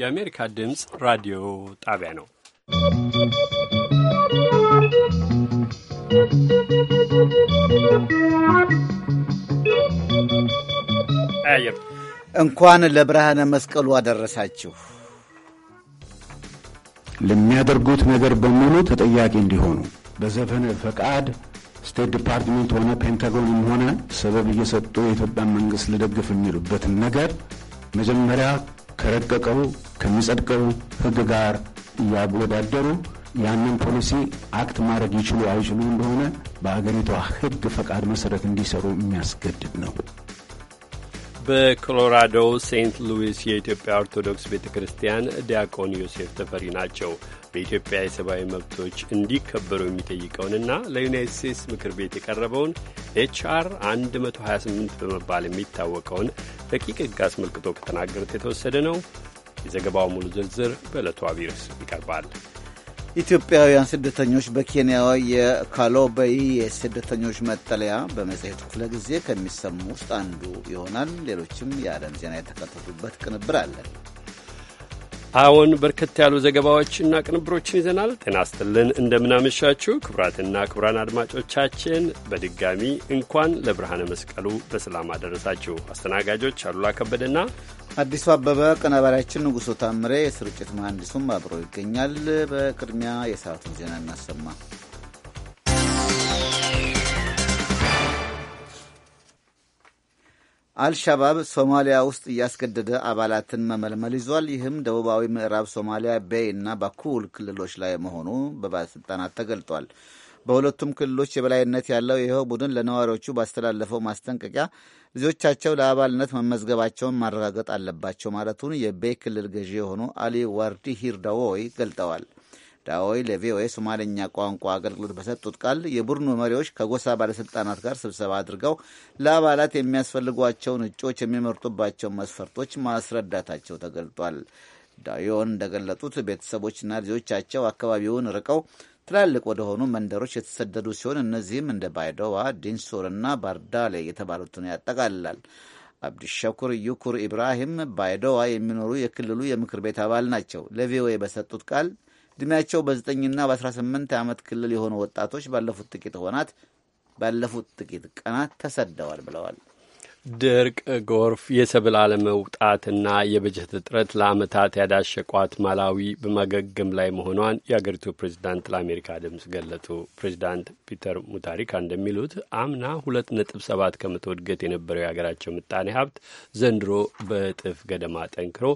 የአሜሪካ ድምፅ ራዲዮ ጣቢያ ነው። እንኳን ለብርሃነ መስቀሉ አደረሳችሁ። ለሚያደርጉት ነገር በሙሉ ተጠያቂ እንዲሆኑ በዘፈነ ፈቃድ ስቴት ዲፓርትመንት ሆነ ፔንታጎንም ሆነ ሰበብ እየሰጡ የኢትዮጵያን መንግስት ልደግፍ የሚሉበትን ነገር መጀመሪያ ከረቀቀው ከሚጸድቀው ህግ ጋር እያወዳደሩ ያንን ፖሊሲ አክት ማድረግ ይችሉ አይችሉ እንደሆነ በአገሪቷ ህግ ፈቃድ መሰረት እንዲሰሩ የሚያስገድድ ነው። በኮሎራዶ ሴንት ሉዊስ የኢትዮጵያ ኦርቶዶክስ ቤተ ክርስቲያን ዲያቆን ዮሴፍ ተፈሪ ናቸው። በኢትዮጵያ የሰብአዊ መብቶች እንዲከበሩ የሚጠይቀውንና ለዩናይት ስቴትስ ምክር ቤት የቀረበውን ኤችአር 128 በመባል የሚታወቀውን ረቂቅ ሕግ አስመልክቶ ከተናገሩት የተወሰደ ነው። የዘገባው ሙሉ ዝርዝር በዕለቱ አቢርስ ይቀርባል። ኢትዮጵያውያን ስደተኞች በኬንያ የካሎበይ የስደተኞች መጠለያ በመጽሔቱ ክፍለ ጊዜ ከሚሰሙ ውስጥ አንዱ ይሆናል። ሌሎችም የዓለም ዜና የተካተቱበት ቅንብር አለን። አዎን በርከት ያሉ ዘገባዎችና ቅንብሮችን ይዘናል። ጤና ስትልን እንደምናመሻችሁ ክቡራትና ክቡራን አድማጮቻችን በድጋሚ እንኳን ለብርሃነ መስቀሉ በሰላም አደረሳችሁ። አስተናጋጆች አሉላ ከበደና አዲሱ አበበ፣ ቀናባሪያችን ንጉሶ ታምሬ፣ የስርጭት መሐንዲሱም አብሮ ይገኛል። በቅድሚያ የሰዓቱን ዜና እናሰማ። አልሻባብ ሶማሊያ ውስጥ እያስገደደ አባላትን መመልመል ይዟል። ይህም ደቡባዊ ምዕራብ ሶማሊያ ቤይ እና ባኩል ክልሎች ላይ መሆኑ በባለስልጣናት ተገልጧል። በሁለቱም ክልሎች የበላይነት ያለው ይኸው ቡድን ለነዋሪዎቹ ባስተላለፈው ማስጠንቀቂያ ልጆቻቸው ለአባልነት መመዝገባቸውን ማረጋገጥ አለባቸው ማለቱን የቤይ ክልል ገዢ የሆኑ አሊ ዋርዲ ሂርዳዎይ ገልጠዋል። ዳኦይ ለቪኦኤ ሶማሌኛ ቋንቋ አገልግሎት በሰጡት ቃል የቡድኑ መሪዎች ከጎሳ ባለስልጣናት ጋር ስብሰባ አድርገው ለአባላት የሚያስፈልጓቸውን እጩዎች የሚመርጡባቸውን መስፈርቶች ማስረዳታቸው ተገልጧል። ዳዮን እንደገለጡት ቤተሰቦችና ልጆቻቸው አካባቢውን ርቀው ትላልቅ ወደ ሆኑ መንደሮች የተሰደዱ ሲሆን እነዚህም እንደ ባይዶዋ፣ ዲንሱርና ባርዳሌ የተባሉትን ያጠቃልላል። አብድሸኩር ዩኩር ኢብራሂም ባይዶዋ የሚኖሩ የክልሉ የምክር ቤት አባል ናቸው። ለቪኦኤ በሰጡት ቃል ዕድሜያቸው በዘጠኝና በ18 ዓመት ክልል የሆኑ ወጣቶች ባለፉት ጥቂት ወናት ባለፉት ጥቂት ቀናት ተሰደዋል ብለዋል። ድርቅ፣ ጎርፍ፣ የሰብል አለመውጣትና የበጀት እጥረት ለአመታት ያዳሸቋት ማላዊ በማገገም ላይ መሆኗን የአገሪቱ ፕሬዚዳንት ለአሜሪካ ድምፅ ገለጡ። ፕሬዚዳንት ፒተር ሙታሪካ እንደሚሉት አምና ሁለት ነጥብ ሰባት ከመቶ እድገት የነበረው የሀገራቸው ምጣኔ ሀብት ዘንድሮ በእጥፍ ገደማ ጠንክሮ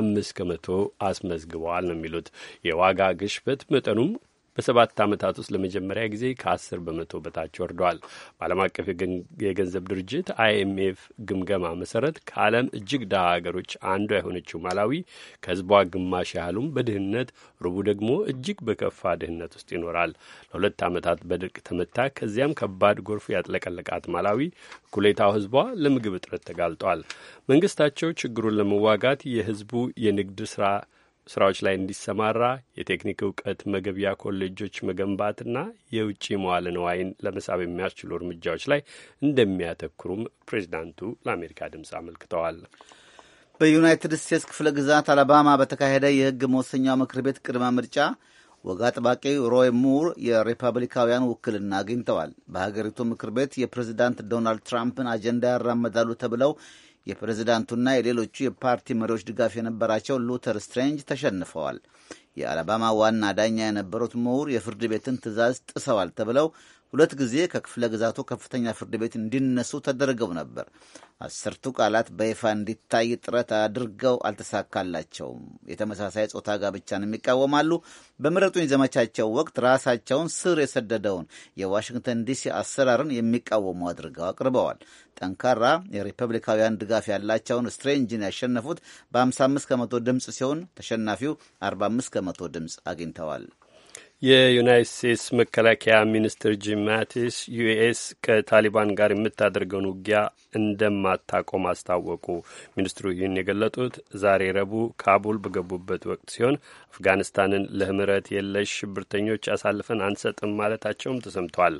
አምስት ከመቶ አስመዝግበዋል ነው የሚሉት። የዋጋ ግሽበት መጠኑም በሰባት ዓመታት ውስጥ ለመጀመሪያ ጊዜ ከ10 በመቶ በታች ወርደዋል። በዓለም አቀፍ የገንዘብ ድርጅት አይኤምኤፍ ግምገማ መሰረት ከዓለም እጅግ ድሃ ሀገሮች አንዷ የሆነችው ማላዊ ከህዝቧ ግማሽ ያህሉም በድህነት ሩቡ ደግሞ እጅግ በከፋ ድህነት ውስጥ ይኖራል። ለሁለት ዓመታት በድርቅ ተመታ፣ ከዚያም ከባድ ጎርፍ ያጥለቀለቃት ማላዊ ኩሌታው ህዝቧ ለምግብ እጥረት ተጋልጧል። መንግስታቸው ችግሩን ለመዋጋት የህዝቡ የንግድ ስራ ስራዎች ላይ እንዲሰማራ የቴክኒክ እውቀት መገቢያ ኮሌጆች መገንባትና የውጭ መዋለ ንዋይን ለመሳብ የሚያስችሉ እርምጃዎች ላይ እንደሚያተኩሩም ፕሬዚዳንቱ ለአሜሪካ ድምፅ አመልክተዋል። በዩናይትድ ስቴትስ ክፍለ ግዛት አላባማ በተካሄደ የህግ መወሰኛው ምክር ቤት ቅድመ ምርጫ ወግ ጥባቂ ሮይ ሙር የሪፐብሊካውያን ውክልና አግኝተዋል። በሀገሪቱ ምክር ቤት የፕሬዚዳንት ዶናልድ ትራምፕን አጀንዳ ያራመዳሉ ተብለው የፕሬዝዳንቱና የሌሎቹ የፓርቲ መሪዎች ድጋፍ የነበራቸው ሉተር ስትሬንጅ ተሸንፈዋል። የአላባማ ዋና ዳኛ የነበሩት ምሁር የፍርድ ቤትን ትዕዛዝ ጥሰዋል ተብለው ሁለት ጊዜ ከክፍለ ግዛቱ ከፍተኛ ፍርድ ቤት እንዲነሱ ተደርገው ነበር። አስርቱ ቃላት በይፋ እንዲታይ ጥረት አድርገው አልተሳካላቸውም። የተመሳሳይ ጾታ ጋብቻን ይቃወማሉ። በምረጡኝ ዘመቻቸው ወቅት ራሳቸውን ስር የሰደደውን የዋሽንግተን ዲሲ አሰራርን የሚቃወሙ አድርገው አቅርበዋል። ጠንካራ የሪፐብሊካውያን ድጋፍ ያላቸውን ስትሬንጅን ያሸነፉት በ55 ከመቶ ድምፅ ሲሆን ተሸናፊው 45 ከመቶ ድምፅ አግኝተዋል። የዩናይት ስቴትስ መከላከያ ሚኒስትር ጂም ማቲስ ዩኤስ ከታሊባን ጋር የምታደርገውን ውጊያ እንደማታቆም አስታወቁ። ሚኒስትሩ ይህን የገለጡት ዛሬ ረቡዕ ካቡል በገቡበት ወቅት ሲሆን አፍጋኒስታንን ለህምረት የለሽ ሽብርተኞች አሳልፈን አንሰጥም ማለታቸውም ተሰምቷል።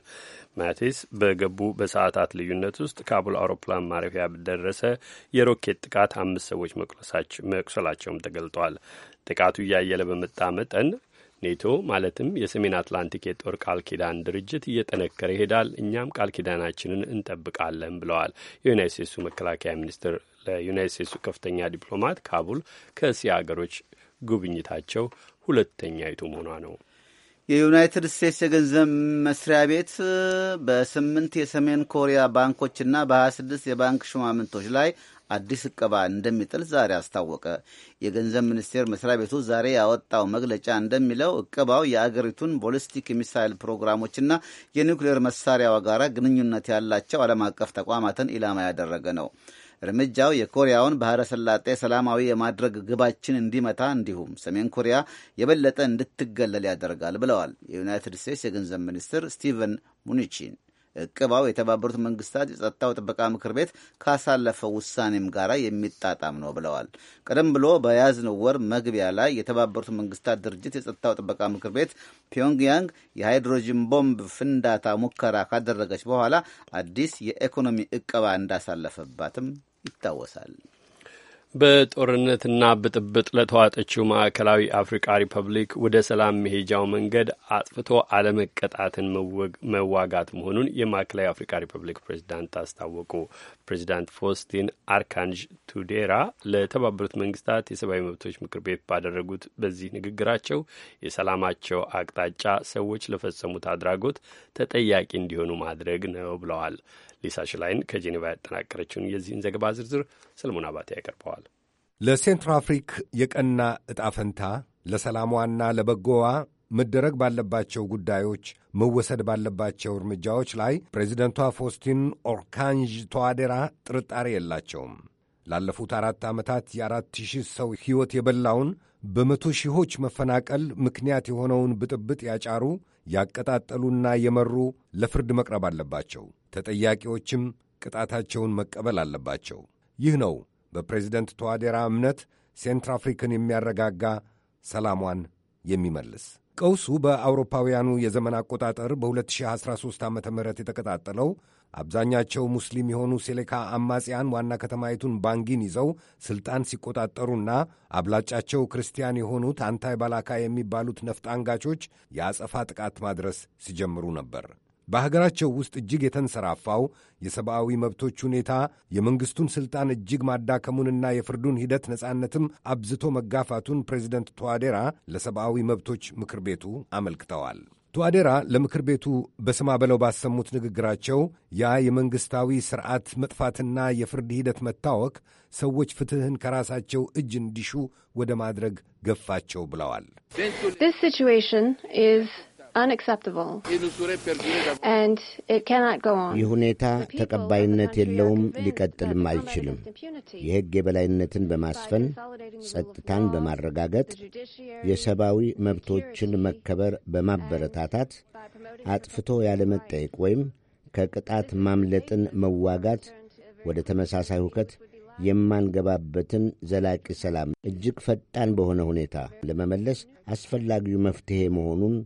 ማቲስ በገቡ በሰዓታት ልዩነት ውስጥ ካቡል አውሮፕላን ማረፊያ በደረሰ የሮኬት ጥቃት አምስት ሰዎች መቁሰላቸውም ተገልጧል። ጥቃቱ እያየለ በመጣ መጠን ኔቶ ማለትም የሰሜን አትላንቲክ የጦር ቃል ኪዳን ድርጅት እየጠነከረ ይሄዳል፣ እኛም ቃል ኪዳናችንን እንጠብቃለን ብለዋል የዩናይት ስቴትሱ መከላከያ ሚኒስትር ለዩናይት ስቴትሱ ከፍተኛ ዲፕሎማት ካቡል ከእስያ ሀገሮች ጉብኝታቸው ሁለተኛይቱ መሆኗ ነው። የዩናይትድ ስቴትስ የገንዘብ መስሪያ ቤት በስምንት የሰሜን ኮሪያ ባንኮችና በ26 የባንክ ሹማምንቶች ላይ አዲስ እቀባ እንደሚጥል ዛሬ አስታወቀ። የገንዘብ ሚኒስቴር መስሪያ ቤቱ ዛሬ ያወጣው መግለጫ እንደሚለው እቀባው የአገሪቱን ቦሊስቲክ ሚሳይል ፕሮግራሞችና የኒውክሌር መሳሪያዋ ጋር ግንኙነት ያላቸው ዓለም አቀፍ ተቋማትን ኢላማ ያደረገ ነው። እርምጃው የኮሪያውን ባህረ ሰላጤ ሰላማዊ የማድረግ ግባችን እንዲመታ እንዲሁም ሰሜን ኮሪያ የበለጠ እንድትገለል ያደርጋል ብለዋል የዩናይትድ ስቴትስ የገንዘብ ሚኒስትር ስቲቨን ሙኒቺን። እቅባው የተባበሩት መንግስታት የጸጥታው ጥበቃ ምክር ቤት ካሳለፈው ውሳኔም ጋር የሚጣጣም ነው ብለዋል። ቀደም ብሎ በያዝነው ወር መግቢያ ላይ የተባበሩት መንግስታት ድርጅት የጸጥታው ጥበቃ ምክር ቤት ፒዮንግያንግ የሃይድሮጂን ቦምብ ፍንዳታ ሙከራ ካደረገች በኋላ አዲስ የኢኮኖሚ እቅባ እንዳሳለፈባትም ይታወሳል። በጦርነትና ብጥብጥ ለተዋጠችው ማዕከላዊ አፍሪቃ ሪፐብሊክ ወደ ሰላም መሄጃው መንገድ አጥፍቶ አለመቀጣትን መዋጋት መሆኑን የማዕከላዊ አፍሪካ ሪፐብሊክ ፕሬዚዳንት አስታወቁ። ፕሬዚዳንት ፎስቲን አርካንጅ ቱዴራ ለተባበሩት መንግስታት የሰብአዊ መብቶች ምክር ቤት ባደረጉት በዚህ ንግግራቸው የሰላማቸው አቅጣጫ ሰዎች ለፈጸሙት አድራጎት ተጠያቂ እንዲሆኑ ማድረግ ነው ብለዋል። ሊሳ ሽላይን ከጄኔቫ ያጠናቀረችውን የዚህን ዘገባ ዝርዝር ሰለሞን አባቴ ያቀርበዋል። ለሴንትራ አፍሪክ የቀና ዕጣ ፈንታ ለሰላሟና ለበጎዋ መደረግ ባለባቸው ጉዳዮች መወሰድ ባለባቸው እርምጃዎች ላይ ፕሬዚደንቷ ፎስቲን ኦርካንጅ ተዋዴራ ጥርጣሬ የላቸውም። ላለፉት አራት ዓመታት የአራት ሺህ ሰው ሕይወት የበላውን በመቶ ሺዎች መፈናቀል ምክንያት የሆነውን ብጥብጥ ያጫሩ ያቀጣጠሉና የመሩ ለፍርድ መቅረብ አለባቸው። ተጠያቂዎችም ቅጣታቸውን መቀበል አለባቸው። ይህ ነው በፕሬዚደንት ተዋዴራ እምነት ሴንትር አፍሪክን የሚያረጋጋ ሰላሟን የሚመልስ። ቀውሱ በአውሮፓውያኑ የዘመን አቆጣጠር በ2013 ዓ ም የተቀጣጠለው አብዛኛቸው ሙስሊም የሆኑ ሴሌካ አማጽያን ዋና ከተማይቱን ባንጊን ይዘው ሥልጣን ሲቆጣጠሩና አብላጫቸው ክርስቲያን የሆኑት አንታይ ባላካ የሚባሉት ነፍጥ አንጋቾች የአጸፋ ጥቃት ማድረስ ሲጀምሩ ነበር። በሀገራቸው ውስጥ እጅግ የተንሰራፋው የሰብአዊ መብቶች ሁኔታ የመንግሥቱን ሥልጣን እጅግ ማዳከሙንና የፍርዱን ሂደት ነጻነትም አብዝቶ መጋፋቱን ፕሬዚደንት ቶዋዴራ ለሰብአዊ መብቶች ምክር ቤቱ አመልክተዋል። ቱአዴራ ለምክር ቤቱ በስማ በለው ባሰሙት ንግግራቸው ያ የመንግሥታዊ ሥርዓት መጥፋትና የፍርድ ሂደት መታወክ ሰዎች ፍትሕን ከራሳቸው እጅ እንዲሹ ወደ ማድረግ ገፋቸው ብለዋል። unacceptable, and it cannot go on. ይህ ሁኔታ ተቀባይነት የለውም፣ ሊቀጥልም አይችልም። የሕግ የበላይነትን በማስፈን ጸጥታን በማረጋገጥ የሰብአዊ መብቶችን መከበር በማበረታታት አጥፍቶ ያለመጠየቅ ወይም ከቅጣት ማምለጥን መዋጋት ወደ ተመሳሳይ ሁከት የማንገባበትን ዘላቂ ሰላም እጅግ ፈጣን በሆነ ሁኔታ ለመመለስ አስፈላጊው መፍትሔ መሆኑን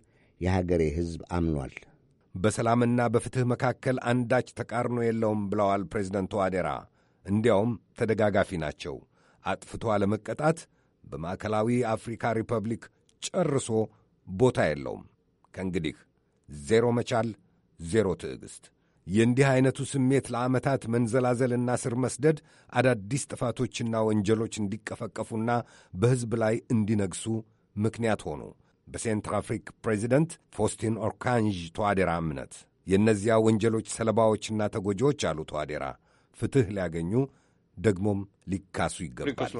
የሀገሬ ሕዝብ አምኗል። በሰላምና በፍትሕ መካከል አንዳች ተቃርኖ የለውም ብለዋል ፕሬዚደንቱ አዴራ። እንዲያውም ተደጋጋፊ ናቸው። አጥፍቶ አለመቀጣት በማዕከላዊ አፍሪካ ሪፐብሊክ ጨርሶ ቦታ የለውም። ከእንግዲህ ዜሮ መቻል፣ ዜሮ ትዕግሥት። የእንዲህ ዐይነቱ ስሜት ለዓመታት መንዘላዘልና ስር መስደድ አዳዲስ ጥፋቶችና ወንጀሎች እንዲቀፈቀፉና በሕዝብ ላይ እንዲነግሱ ምክንያት ሆኑ። አፍሪክ ፕሬዚደንት ፎስቲን ኦርካንዥ ተዋዴራ እምነት የእነዚያ ወንጀሎች ሰለባዎችና ተጎጂዎች አሉ ተዋዴራ ፍትሕ ሊያገኙ ደግሞም ሊካሱ ይገባል።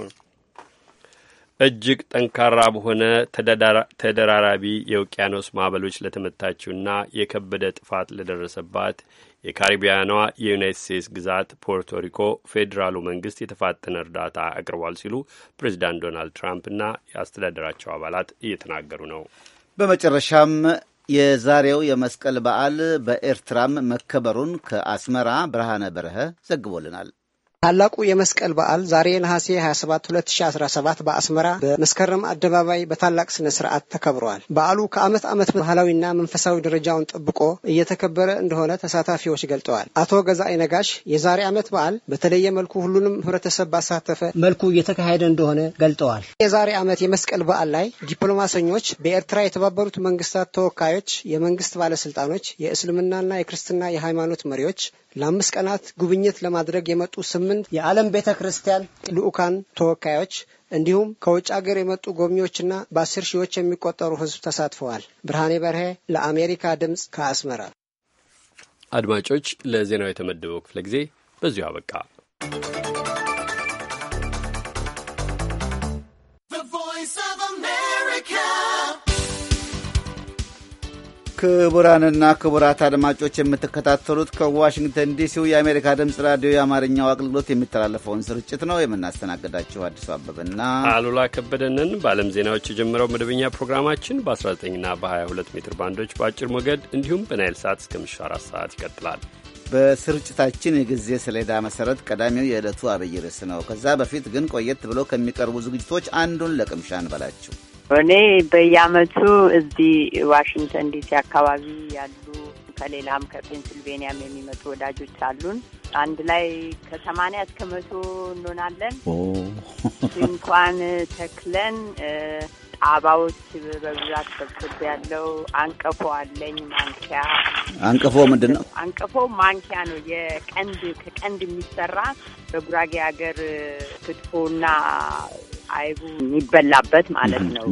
እጅግ ጠንካራ በሆነ ተደራራቢ የውቅያኖስ ማዕበሎች ለተመታችውና የከበደ ጥፋት ለደረሰባት የካሪቢያኗ የዩናይት ስቴትስ ግዛት ፖርቶሪኮ ፌዴራሉ መንግስት የተፋጠነ እርዳታ አቅርቧል ሲሉ ፕሬዚዳንት ዶናልድ ትራምፕና የአስተዳደራቸው አባላት እየተናገሩ ነው። በመጨረሻም የዛሬው የመስቀል በዓል በኤርትራም መከበሩን ከአስመራ ብርሃነ በረሀ ዘግቦልናል። ታላቁ የመስቀል በዓል ዛሬ ነሐሴ 27 2017 በአስመራ በመስከረም አደባባይ በታላቅ ስነ ስርዓት ተከብሯል። በዓሉ ከዓመት ዓመት ባህላዊና መንፈሳዊ ደረጃውን ጠብቆ እየተከበረ እንደሆነ ተሳታፊዎች ገልጠዋል። አቶ ገዛኤ ነጋሽ የዛሬ ዓመት በዓል በተለየ መልኩ ሁሉንም ህብረተሰብ ባሳተፈ መልኩ እየተካሄደ እንደሆነ ገልጠዋል። የዛሬ ዓመት የመስቀል በዓል ላይ ዲፕሎማሰኞች፣ በኤርትራ የተባበሩት መንግስታት ተወካዮች፣ የመንግስት ባለስልጣኖች፣ የእስልምናና የክርስትና የሃይማኖት መሪዎች ለአምስት ቀናት ጉብኝት ለማድረግ የመጡ ስምንት የዓለም ቤተ ክርስቲያን ልዑካን ተወካዮች እንዲሁም ከውጭ ሀገር የመጡ ጎብኚዎችና በአስር ሺዎች የሚቆጠሩ ሕዝብ ተሳትፈዋል። ብርሃኔ በርሄ ለአሜሪካ ድምፅ ከአስመራ። አድማጮች፣ ለዜናው የተመደበው ክፍለ ጊዜ በዚሁ አበቃ። ክቡራንና ክቡራት አድማጮች የምትከታተሉት ከዋሽንግተን ዲሲው የአሜሪካ ድምፅ ራዲዮ የአማርኛው አገልግሎት የሚተላለፈውን ስርጭት ነው። የምናስተናግዳችሁ አዲሱ አበብና አሉላ ከበደንን በዓለም ዜናዎች የጀመረው መደበኛ ፕሮግራማችን በ19ና በ22 ሜትር ባንዶች በአጭር ሞገድ እንዲሁም በናይል ሰዓት እስከ ምሽቱ አራት ሰዓት ይቀጥላል። በስርጭታችን የጊዜ ሰሌዳ መሰረት ቀዳሚው የዕለቱ አብይ ርዕስ ነው። ከዛ በፊት ግን ቆየት ብሎ ከሚቀርቡ ዝግጅቶች አንዱን ለቅምሻ እንበላችሁ። እኔ በየአመቱ እዚህ ዋሽንግተን ዲሲ አካባቢ ያሉ ከሌላም ከፔንስልቬኒያም የሚመጡ ወዳጆች አሉን። አንድ ላይ ከሰማንያ እስከ መቶ እንሆናለን። ድንኳን ተክለን ጣባዎች በብዛት ሰብስብ ያለው አንቀፎ አለኝ። ማንኪያ አንቀፎ ምንድን ነው? አንቀፎ ማንኪያ ነው። የቀንድ ከቀንድ የሚሰራ በጉራጌ ሀገር ክትፎና አይቡ የሚበላበት ማለት ነው።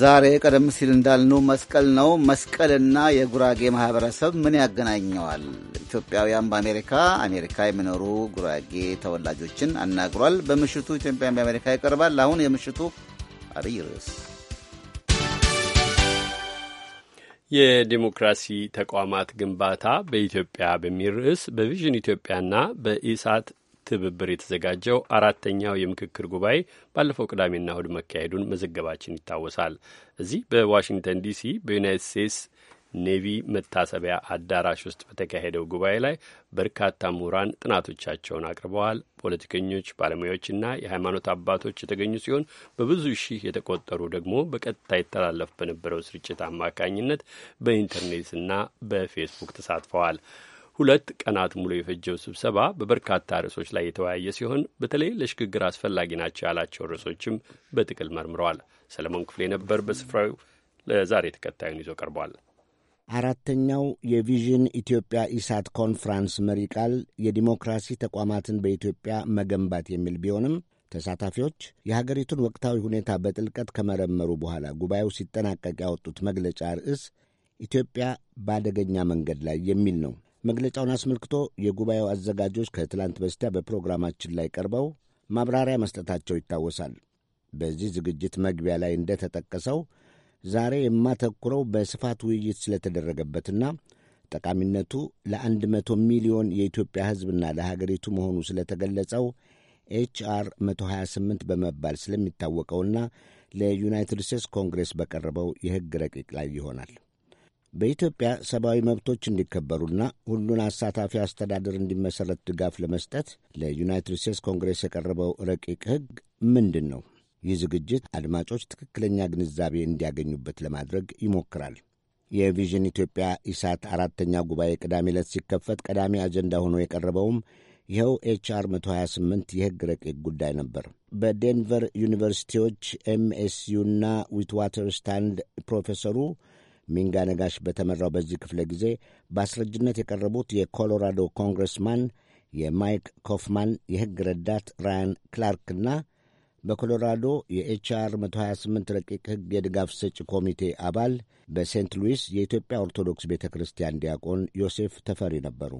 ዛሬ ቀደም ሲል እንዳልኑ መስቀል ነው። መስቀልና የጉራጌ ማህበረሰብ ምን ያገናኘዋል? ኢትዮጵያውያን በአሜሪካ አሜሪካ የሚኖሩ ጉራጌ ተወላጆችን አናግሯል። በምሽቱ ኢትዮጵያን በአሜሪካ ይቀርባል። አሁን የምሽቱ አብይ ርዕስ የዲሞክራሲ ተቋማት ግንባታ በኢትዮጵያ በሚል ርዕስ በቪዥን ኢትዮጵያና በኢሳት ትብብር የተዘጋጀው አራተኛው የምክክር ጉባኤ ባለፈው ቅዳሜና እሁድ መካሄዱን መዘገባችን ይታወሳል። እዚህ በዋሽንግተን ዲሲ በዩናይትድ ስቴትስ ኔቪ መታሰቢያ አዳራሽ ውስጥ በተካሄደው ጉባኤ ላይ በርካታ ምሁራን ጥናቶቻቸውን አቅርበዋል። ፖለቲከኞች፣ ባለሙያዎችና የሃይማኖት አባቶች የተገኙ ሲሆን በብዙ ሺህ የተቆጠሩ ደግሞ በቀጥታ ይተላለፍ በነበረው ስርጭት አማካኝነት በኢንተርኔትና በፌስቡክ ተሳትፈዋል። ሁለት ቀናት ሙሉ የፈጀው ስብሰባ በበርካታ ርዕሶች ላይ የተወያየ ሲሆን በተለይ ለሽግግር አስፈላጊ ናቸው ያላቸው ርዕሶችም በጥቅል መርምረዋል። ሰለሞን ክፍሌ ነበር በስፍራው ለዛሬ ተከታዩን ይዞ ቀርቧል። አራተኛው የቪዥን ኢትዮጵያ ኢሳት ኮንፍራንስ መሪ ቃል የዲሞክራሲ ተቋማትን በኢትዮጵያ መገንባት የሚል ቢሆንም ተሳታፊዎች የሀገሪቱን ወቅታዊ ሁኔታ በጥልቀት ከመረመሩ በኋላ ጉባኤው ሲጠናቀቅ ያወጡት መግለጫ ርዕስ ኢትዮጵያ በአደገኛ መንገድ ላይ የሚል ነው። መግለጫውን አስመልክቶ የጉባኤው አዘጋጆች ከትላንት በስቲያ በፕሮግራማችን ላይ ቀርበው ማብራሪያ መስጠታቸው ይታወሳል። በዚህ ዝግጅት መግቢያ ላይ እንደተጠቀሰው ዛሬ የማተኩረው በስፋት ውይይት ስለተደረገበትና ጠቃሚነቱ ለአንድ መቶ ሚሊዮን የኢትዮጵያ ሕዝብና ለሀገሪቱ መሆኑ ስለተገለጸው አር 128 በመባል ስለሚታወቀውና ለዩናይትድ ስቴትስ ኮንግሬስ በቀረበው የሕግ ረቂቅ ላይ ይሆናል። በኢትዮጵያ ሰብአዊ መብቶች እንዲከበሩና ሁሉን አሳታፊ አስተዳደር እንዲመሠረት ድጋፍ ለመስጠት ለዩናይትድ ስቴትስ ኮንግሬስ የቀረበው ረቂቅ ሕግ ምንድን ነው? ይህ ዝግጅት አድማጮች ትክክለኛ ግንዛቤ እንዲያገኙበት ለማድረግ ይሞክራል። የቪዥን ኢትዮጵያ ኢሳት አራተኛ ጉባኤ ቅዳሜ ዕለት ሲከፈት ቀዳሚ አጀንዳ ሆኖ የቀረበውም ይኸው ኤችአር 128 የሕግ ረቂቅ ጉዳይ ነበር። በዴንቨር ዩኒቨርሲቲዎች ኤምኤስዩና ዊትዋተር ስታንድ ፕሮፌሰሩ ሚንጋ ነጋሽ በተመራው በዚህ ክፍለ ጊዜ በአስረጅነት የቀረቡት የኮሎራዶ ኮንግረስማን የማይክ ኮፍማን የሕግ ረዳት ራያን ክላርክና በኮሎራዶ የኤችአር 128 ረቂቅ ሕግ የድጋፍ ሰጪ ኮሚቴ አባል በሴንት ሉዊስ የኢትዮጵያ ኦርቶዶክስ ቤተ ክርስቲያን ዲያቆን ዮሴፍ ተፈሪ ነበሩ።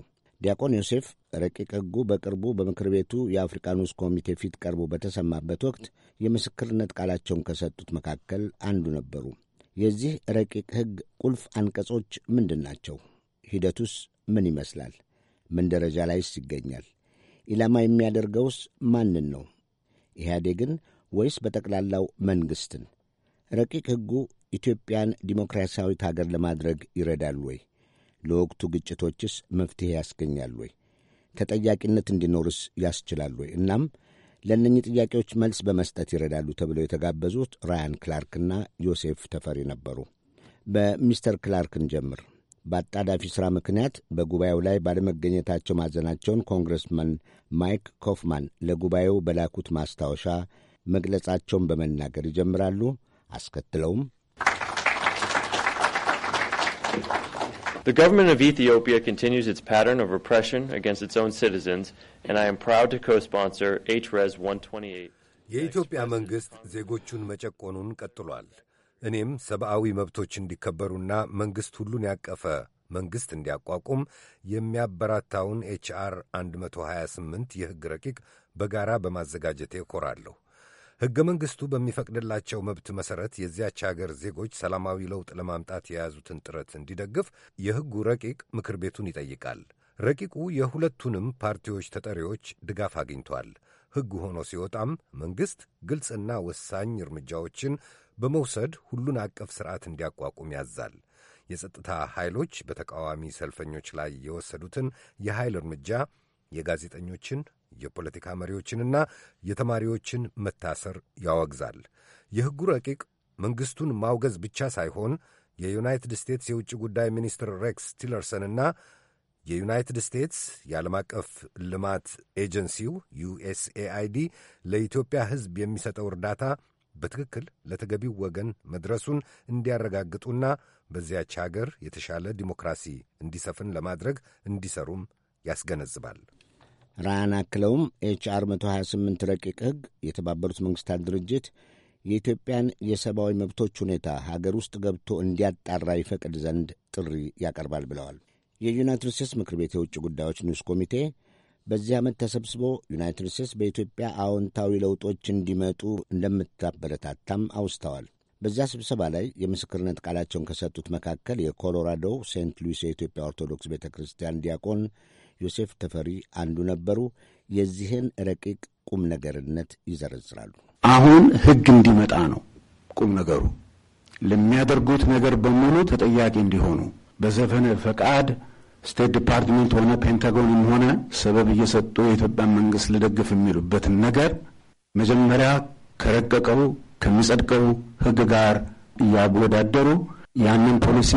ዲያቆን ዮሴፍ ረቂቅ ሕጉ በቅርቡ በምክር ቤቱ የአፍሪካ ንዑስ ኮሚቴ ፊት ቀርቦ በተሰማበት ወቅት የምስክርነት ቃላቸውን ከሰጡት መካከል አንዱ ነበሩ። የዚህ ረቂቅ ሕግ ቁልፍ አንቀጾች ምንድን ናቸው? ሂደቱስ ምን ይመስላል? ምን ደረጃ ላይስ ይገኛል? ኢላማ የሚያደርገውስ ማንን ነው? ኢህአዴግን ወይስ በጠቅላላው መንግሥትን? ረቂቅ ሕጉ ኢትዮጵያን ዲሞክራሲያዊት አገር ለማድረግ ይረዳል ወይ? ለወቅቱ ግጭቶችስ መፍትሔ ያስገኛል ወይ? ተጠያቂነት እንዲኖርስ ያስችላል ወይ? እናም ለእነኚህ ጥያቄዎች መልስ በመስጠት ይረዳሉ ተብለው የተጋበዙት ራያን ክላርክና ዮሴፍ ተፈሪ ነበሩ። በሚስተር ክላርክን ጀምር። በአጣዳፊ ሥራ ምክንያት በጉባኤው ላይ ባለመገኘታቸው ማዘናቸውን ኮንግረስመን ማይክ ኮፍማን ለጉባኤው በላኩት ማስታወሻ መግለጻቸውን በመናገር ይጀምራሉ። አስከትለውም The government of Ethiopia continues its pattern of repression against its own citizens, and I am proud to co-sponsor HRES 128. እኔም ሰብአዊ መብቶች እንዲከበሩና መንግሥት ሁሉን ያቀፈ መንግሥት እንዲያቋቁም የሚያበራታውን ኤችአር 128 የሕግ ረቂቅ በጋራ በማዘጋጀቴ እኮራለሁ። ሕገ መንግሥቱ በሚፈቅድላቸው መብት መሠረት የዚያች አገር ዜጎች ሰላማዊ ለውጥ ለማምጣት የያዙትን ጥረት እንዲደግፍ የሕጉ ረቂቅ ምክር ቤቱን ይጠይቃል። ረቂቁ የሁለቱንም ፓርቲዎች ተጠሪዎች ድጋፍ አግኝቷል። ሕግ ሆኖ ሲወጣም መንግሥት ግልጽና ወሳኝ እርምጃዎችን በመውሰድ ሁሉን አቀፍ ሥርዓት እንዲያቋቁም ያዛል። የጸጥታ ኃይሎች በተቃዋሚ ሰልፈኞች ላይ የወሰዱትን የኃይል እርምጃ፣ የጋዜጠኞችን የፖለቲካ መሪዎችንና የተማሪዎችን መታሰር ያወግዛል። የሕጉ ረቂቅ መንግሥቱን ማውገዝ ብቻ ሳይሆን የዩናይትድ ስቴትስ የውጭ ጉዳይ ሚኒስትር ሬክስ ቲለርሰንና የዩናይትድ ስቴትስ የዓለም አቀፍ ልማት ኤጀንሲው ዩኤስኤአይዲ ለኢትዮጵያ ሕዝብ የሚሰጠው እርዳታ በትክክል ለተገቢው ወገን መድረሱን እንዲያረጋግጡና በዚያች አገር የተሻለ ዲሞክራሲ እንዲሰፍን ለማድረግ እንዲሰሩም ያስገነዝባል። ራያን አክለውም አር 128 ረቂቅ ሕግ የተባበሩት መንግሥታት ድርጅት የኢትዮጵያን የሰብአዊ መብቶች ሁኔታ ሀገር ውስጥ ገብቶ እንዲያጣራ ይፈቅድ ዘንድ ጥሪ ያቀርባል ብለዋል። የዩናይትድ ስቴትስ ምክር ቤት የውጭ ጉዳዮች ንዑስ ኮሚቴ በዚህ ዓመት ተሰብስቦ ዩናይትድ ስቴትስ በኢትዮጵያ አዎንታዊ ለውጦች እንዲመጡ እንደምታበረታታም አውስተዋል። በዚያ ስብሰባ ላይ የምስክርነት ቃላቸውን ከሰጡት መካከል የኮሎራዶ ሴንት ሉዊስ የኢትዮጵያ ኦርቶዶክስ ቤተ ክርስቲያን ዲያቆን ዮሴፍ ተፈሪ አንዱ ነበሩ። የዚህን ረቂቅ ቁም ነገርነት ይዘረዝራሉ። አሁን ሕግ እንዲመጣ ነው ቁም ነገሩ። ለሚያደርጉት ነገር በሙሉ ተጠያቂ እንዲሆኑ በዘፈነ ፈቃድ ስቴት ዲፓርትመንት ሆነ ፔንታጎንም ሆነ ሰበብ እየሰጡ የኢትዮጵያን መንግስት ልደግፍ የሚሉበትን ነገር መጀመሪያ ከረቀቀው ከሚጸድቀው ህግ ጋር እያወዳደሩ ያንን ፖሊሲ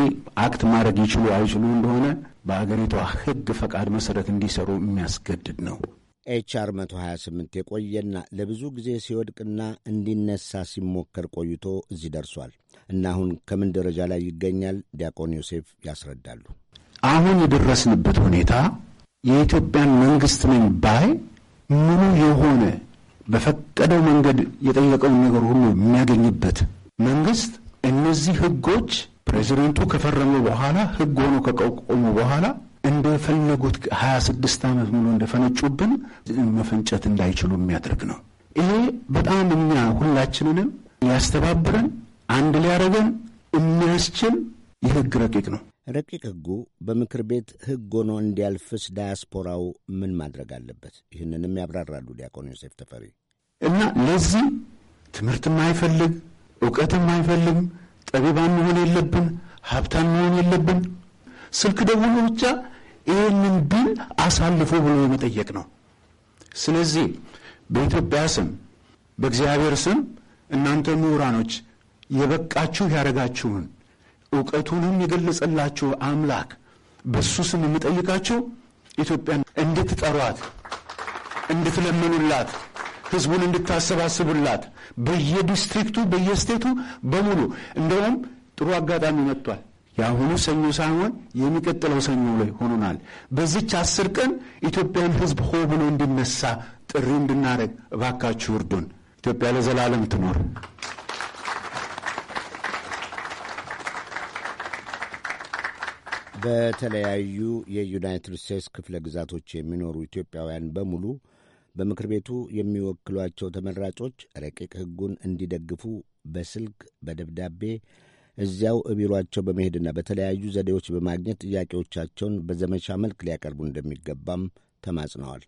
አክት ማድረግ ይችሉ አይችሉ እንደሆነ በአገሪቷ ሕግ ፈቃድ መሰረት እንዲሰሩ የሚያስገድድ ነው። ኤችአር 128 የቆየና ለብዙ ጊዜ ሲወድቅና እንዲነሳ ሲሞከር ቆይቶ እዚህ ደርሷል እና አሁን ከምን ደረጃ ላይ ይገኛል? ዲያቆን ዮሴፍ ያስረዳሉ። አሁን የደረስንበት ሁኔታ የኢትዮጵያን መንግስት ነኝ ባይ ምኑ የሆነ በፈቀደው መንገድ የጠየቀውን ነገር ሁሉ የሚያገኝበት መንግስት እነዚህ ህጎች? ፕሬዚደንቱ ከፈረሙ በኋላ ህግ ሆኖ ከቆሙ በኋላ እንደፈለጉት ሀያ ስድስት ዓመት ሙሉ እንደፈነጩብን መፈንጨት እንዳይችሉ የሚያደርግ ነው። ይሄ በጣም እኛ ሁላችንንም ሊያስተባብረን አንድ ሊያደረገን የሚያስችል የህግ ረቂቅ ነው። ረቂቅ ህጉ በምክር ቤት ህግ ሆኖ እንዲያልፍስ ዳያስፖራው ምን ማድረግ አለበት? ይህንንም ያብራራሉ ዲያቆን ዮሴፍ ተፈሪ እና ለዚህ ትምህርት የማይፈልግ እውቀት የማይፈልግም ጠቢባን መሆን የለብን፣ ሀብታም መሆን የለብን። ስልክ ደውሎ ብቻ ይህንን ቢል አሳልፎ ብሎ የመጠየቅ ነው። ስለዚህ በኢትዮጵያ ስም በእግዚአብሔር ስም እናንተ ምሁራኖች የበቃችሁ ያደረጋችሁን እውቀቱንም የገለጸላችሁ አምላክ በሱ ስም የምጠይቃችሁ ኢትዮጵያን እንድትጠሯት እንድትለምኑላት ህዝቡን እንድታሰባስቡላት በየዲስትሪክቱ በየስቴቱ በሙሉ እንደውም ጥሩ አጋጣሚ መጥቷል። የአሁኑ ሰኞ ሳይሆን የሚቀጥለው ሰኞ ላይ ሆኖናል። በዚች አስር ቀን ኢትዮጵያን ህዝብ ሆ ብሎ እንዲነሳ ጥሪ እንድናደርግ እባካችሁ እርዱን። ኢትዮጵያ ለዘላለም ትኖር። በተለያዩ የዩናይትድ ስቴትስ ክፍለ ግዛቶች የሚኖሩ ኢትዮጵያውያን በሙሉ በምክር ቤቱ የሚወክሏቸው ተመራጮች ረቂቅ ሕጉን እንዲደግፉ በስልክ በደብዳቤ እዚያው እቢሯቸው በመሄድና በተለያዩ ዘዴዎች በማግኘት ጥያቄዎቻቸውን በዘመቻ መልክ ሊያቀርቡ እንደሚገባም ተማጽነዋል።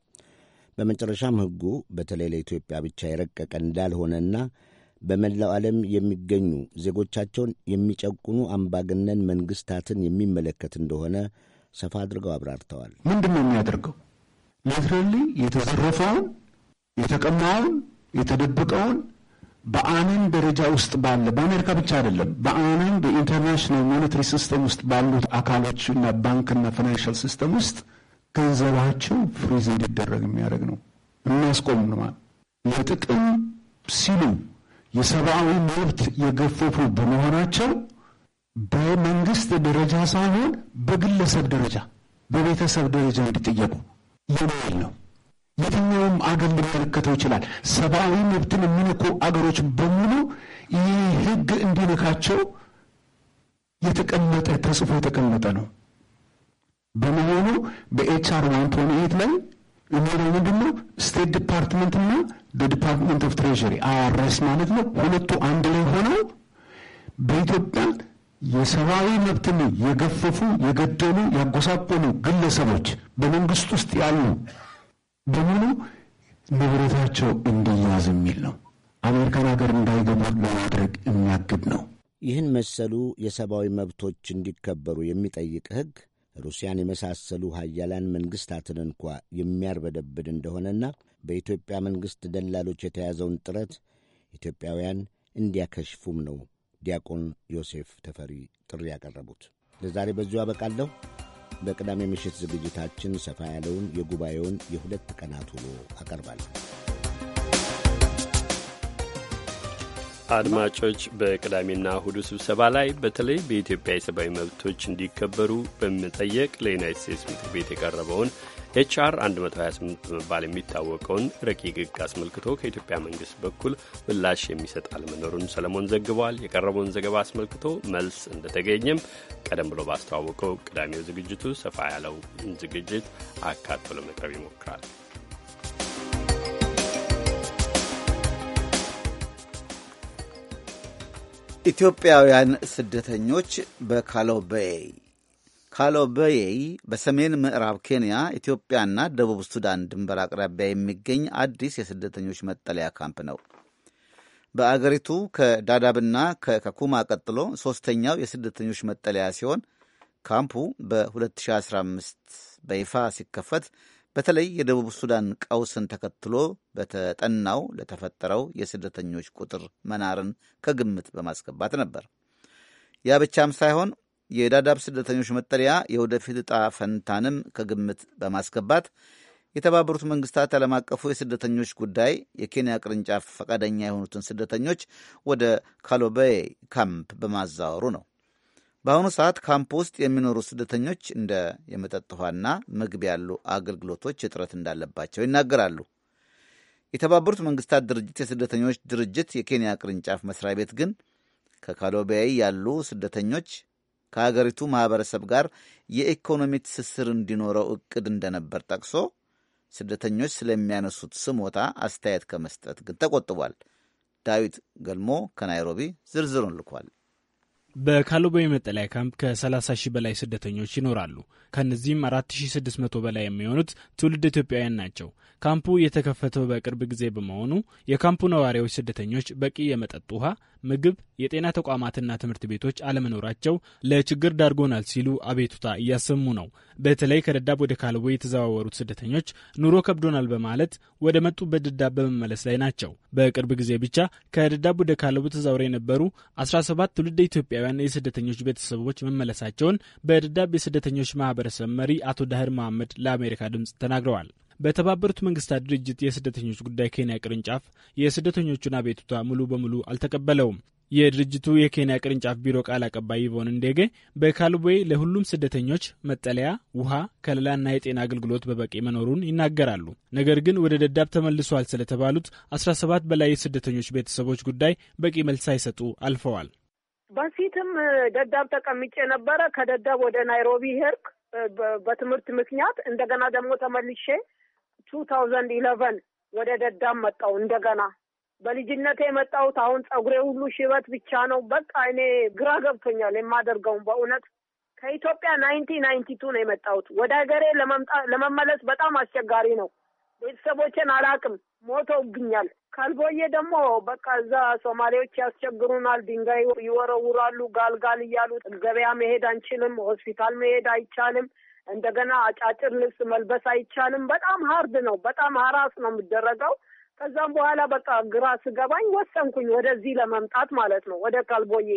በመጨረሻም ሕጉ በተለይ ለኢትዮጵያ ብቻ የረቀቀ እንዳልሆነና በመላው ዓለም የሚገኙ ዜጎቻቸውን የሚጨቁኑ አምባገነን መንግስታትን የሚመለከት እንደሆነ ሰፋ አድርገው አብራርተዋል። ምንድን ነው የሚያደርገው? ሊትራሊ የተዘረፈውን፣ የተቀማውን፣ የተደበቀውን በአነን ደረጃ ውስጥ ባለ በአሜሪካ ብቻ አይደለም፣ በአነን በኢንተርናሽናል ሞኔታሪ ሲስተም ውስጥ ባሉት አካሎች እና ባንክና ፋይናንሻል ሲስተም ውስጥ ገንዘባቸው ፍሪዝ እንዲደረግ የሚያደርግ ነው። እናስቆም ነዋል። ለጥቅም ሲሉ የሰብአዊ መብት የገፈፉ በመሆናቸው በመንግስት ደረጃ ሳይሆን በግለሰብ ደረጃ በቤተሰብ ደረጃ እንዲጠየቁ የሌል ነው። የትኛውም አገር ሊመለከተው ይችላል። ሰብአዊ መብትን የሚነኩ አገሮች በሙሉ ይህ ህግ እንዲነካቸው የተቀመጠ ተጽፎ የተቀመጠ ነው። በመሆኑ በኤችአር ዋን ቶኒ ኤት ላይ የሚለው ምንድን ነው? ስቴት ዲፓርትመንትና በዲፓርትመንት ኦፍ ትሬዥሪ አይአርኤስ ማለት ነው። ሁለቱ አንድ ላይ ሆነው በኢትዮጵያ የሰብአዊ መብትን የገፈፉ የገደሉ፣ ያጎሳቆሉ ግለሰቦች በመንግስት ውስጥ ያሉ በሙሉ ንብረታቸው እንዲያዝ የሚል ነው። አሜሪካን ሀገር እንዳይገቡ ለማድረግ የሚያግድ ነው። ይህን መሰሉ የሰብአዊ መብቶች እንዲከበሩ የሚጠይቅ ሕግ ሩሲያን የመሳሰሉ ሀያላን መንግስታትን እንኳ የሚያርበደብድ እንደሆነና በኢትዮጵያ መንግሥት ደላሎች የተያዘውን ጥረት ኢትዮጵያውያን እንዲያከሽፉም ነው ዲያቆን ዮሴፍ ተፈሪ ጥሪ ያቀረቡት። ለዛሬ በዚሁ አበቃለሁ። በቅዳሜ ምሽት ዝግጅታችን ሰፋ ያለውን የጉባኤውን የሁለት ቀናት ውሎ አቀርባለሁ። አድማጮች በቅዳሜና እሁዱ ስብሰባ ላይ በተለይ በኢትዮጵያ የሰብአዊ መብቶች እንዲከበሩ በመጠየቅ ለዩናይት ስቴትስ ምክር ቤት የቀረበውን ኤችአር 128 በመባል የሚታወቀውን ረቂቅ ሕግ አስመልክቶ ከኢትዮጵያ መንግስት በኩል ምላሽ የሚሰጥ አለመኖሩን ሰለሞን ዘግቧል። የቀረበውን ዘገባ አስመልክቶ መልስ እንደተገኘም ቀደም ብሎ ባስተዋወቀው ቅዳሜው ዝግጅቱ ሰፋ ያለው ዝግጅት አካቶ ለመቅረብ ይሞክራል። ኢትዮጵያውያን ስደተኞች በካሎቤይ ካሎበዬይ በሰሜን ምዕራብ ኬንያ ኢትዮጵያና ደቡብ ሱዳን ድንበር አቅራቢያ የሚገኝ አዲስ የስደተኞች መጠለያ ካምፕ ነው። በአገሪቱ ከዳዳብና ከኩማ ቀጥሎ ሦስተኛው የስደተኞች መጠለያ ሲሆን ካምፑ በ2015 በይፋ ሲከፈት በተለይ የደቡብ ሱዳን ቀውስን ተከትሎ በተጠናው ለተፈጠረው የስደተኞች ቁጥር መናርን ከግምት በማስገባት ነበር። ያ ብቻም ሳይሆን የዳዳብ ስደተኞች መጠለያ የወደፊት እጣ ፈንታንም ከግምት በማስገባት የተባበሩት መንግስታት ዓለም አቀፉ የስደተኞች ጉዳይ የኬንያ ቅርንጫፍ ፈቃደኛ የሆኑትን ስደተኞች ወደ ካሎቤ ካምፕ በማዛወሩ ነው። በአሁኑ ሰዓት ካምፕ ውስጥ የሚኖሩ ስደተኞች እንደ የመጠጥ ውሃና ምግብ ያሉ አገልግሎቶች እጥረት እንዳለባቸው ይናገራሉ። የተባበሩት መንግስታት ድርጅት የስደተኞች ድርጅት የኬንያ ቅርንጫፍ መስሪያ ቤት ግን ከካሎቤያይ ያሉ ስደተኞች ከሀገሪቱ ማህበረሰብ ጋር የኢኮኖሚ ትስስር እንዲኖረው እቅድ እንደነበር ጠቅሶ ስደተኞች ስለሚያነሱት ስሞታ አስተያየት ከመስጠት ግን ተቆጥቧል። ዳዊት ገልሞ ከናይሮቢ ዝርዝሩን ልኳል። በካሎቦ መጠለያ ካምፕ ከ30 ሺህ በላይ ስደተኞች ይኖራሉ። ከእነዚህም 4600 በላይ የሚሆኑት ትውልድ ኢትዮጵያውያን ናቸው። ካምፑ የተከፈተው በቅርብ ጊዜ በመሆኑ የካምፑ ነዋሪዎች ስደተኞች በቂ የመጠጥ ውሃ ምግብ፣ የጤና ተቋማትና ትምህርት ቤቶች አለመኖራቸው ለችግር ዳርጎናል ሲሉ አቤቱታ እያሰሙ ነው። በተለይ ከደዳብ ወደ ካልቦ የተዘዋወሩት ስደተኞች ኑሮ ከብዶናል በማለት ወደ መጡበት ደዳብ በመመለስ ላይ ናቸው። በቅርብ ጊዜ ብቻ ከደዳብ ወደ ካልቦ ተዛውረው የነበሩ 17 ትውልደ ኢትዮጵያውያን የስደተኞች ቤተሰቦች መመለሳቸውን በደዳብ የስደተኞች ማህበረሰብ መሪ አቶ ዳህር መሐመድ ለአሜሪካ ድምፅ ተናግረዋል። በተባበሩት መንግስታት ድርጅት የስደተኞች ጉዳይ ኬንያ ቅርንጫፍ የስደተኞቹን አቤቱታ ሙሉ በሙሉ አልተቀበለውም። የድርጅቱ የኬንያ ቅርንጫፍ ቢሮ ቃል አቀባይ ይቮን እንዴጌ በካልዌ ለሁሉም ስደተኞች መጠለያ፣ ውሃ፣ ከለላና የጤና አገልግሎት በበቂ መኖሩን ይናገራሉ። ነገር ግን ወደ ደዳብ ተመልሷል ስለተባሉት 17 በላይ የስደተኞች ቤተሰቦች ጉዳይ በቂ መልስ ሳይሰጡ አልፈዋል። በፊትም ደዳብ ተቀምጬ ነበረ። ከደዳብ ወደ ናይሮቢ ሄርክ በትምህርት ምክንያት። እንደገና ደግሞ ተመልሼ ቱ ታውዘንድ ኢለቨን ወደ ደዳም መጣው እንደገና በልጅነቴ የመጣሁት አሁን ጸጉሬ ሁሉ ሽበት ብቻ ነው። በቃ እኔ ግራ ገብቶኛል የማደርገውን በእውነት ከኢትዮጵያ ናይንቲ ናይንቲ ቱ ነው የመጣሁት። ወደ ሀገሬ ለመመለስ በጣም አስቸጋሪ ነው። ቤተሰቦችን አላቅም፣ ሞተውብኛል። ካልቦዬ ደግሞ በቃ እዛ ሶማሌዎች ያስቸግሩናል፣ ድንጋይ ይወረውራሉ፣ ጋልጋል እያሉ ገበያ መሄድ አንችልም፣ ሆስፒታል መሄድ አይቻልም። እንደገና አጫጭር ልብስ መልበስ አይቻልም። በጣም ሀርድ ነው። በጣም ሀራስ ነው የሚደረገው። ከዛም በኋላ በቃ ግራ ስገባኝ ወሰንኩኝ ወደዚህ ለመምጣት ማለት ነው ወደ ካልቦዬ።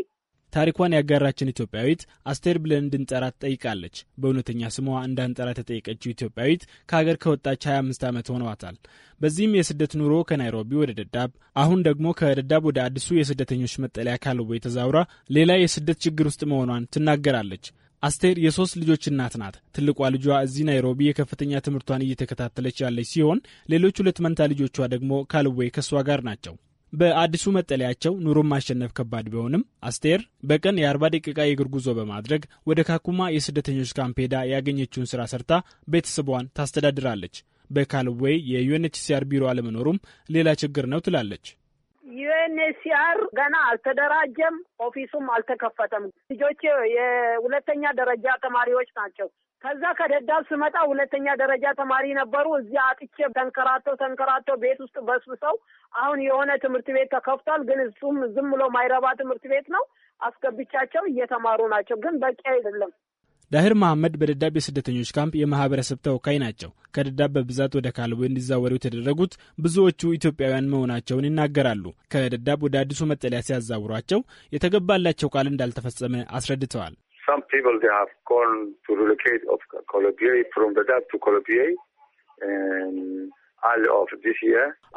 ታሪኳን ያጋራችን ኢትዮጵያዊት አስቴር ብለን እንድንጠራ ትጠይቃለች። በእውነተኛ ስሟ እንዳንጠራ ተጠየቀችው ኢትዮጵያዊት ከሀገር ከወጣች 25 ዓመት ሆነዋታል። በዚህም የስደት ኑሮ ከናይሮቢ ወደ ደዳብ፣ አሁን ደግሞ ከደዳብ ወደ አዲሱ የስደተኞች መጠለያ ካልቦ ተዛውራ ሌላ የስደት ችግር ውስጥ መሆኗን ትናገራለች። አስቴር የሶስት ልጆች እናት ናት። ትልቋ ልጇ እዚህ ናይሮቢ የከፍተኛ ትምህርቷን እየተከታተለች ያለች ሲሆን ሌሎች ሁለት መንታ ልጆቿ ደግሞ ካልዌ ከእሷ ጋር ናቸው። በአዲሱ መጠለያቸው ኑሮን ማሸነፍ ከባድ ቢሆንም አስቴር በቀን የ40 ደቂቃ የእግር ጉዞ በማድረግ ወደ ካኩማ የስደተኞች ካምፕ ሄዳ ያገኘችውን ስራ ሰርታ ቤተሰቧን ታስተዳድራለች። በካልዌ የዩኤንኤችሲአር ቢሮ አለመኖሩም ሌላ ችግር ነው ትላለች። ዩኤንኤችሲአር ገና አልተደራጀም፣ ኦፊሱም አልተከፈተም። ልጆቼ የሁለተኛ ደረጃ ተማሪዎች ናቸው። ከዛ ከደዳብ ስመጣ ሁለተኛ ደረጃ ተማሪ ነበሩ። እዚያ አጥቼ ተንከራተው ተንከራተው ቤት ውስጥ በስብሰው አሁን የሆነ ትምህርት ቤት ተከፍቷል፣ ግን እሱም ዝም ብሎ ማይረባ ትምህርት ቤት ነው። አስገብቻቸው እየተማሩ ናቸው፣ ግን በቂ አይደለም። ዳህር መሐመድ በደዳብ የስደተኞች ካምፕ የማህበረሰብ ተወካይ ናቸው። ከደዳብ በብዛት ወደ ካልቦ እንዲዛወሩ የተደረጉት ብዙዎቹ ኢትዮጵያውያን መሆናቸውን ይናገራሉ። ከደዳብ ወደ አዲሱ መጠለያ ሲያዛውሯቸው የተገባላቸው ቃል እንዳልተፈጸመ አስረድተዋል። um,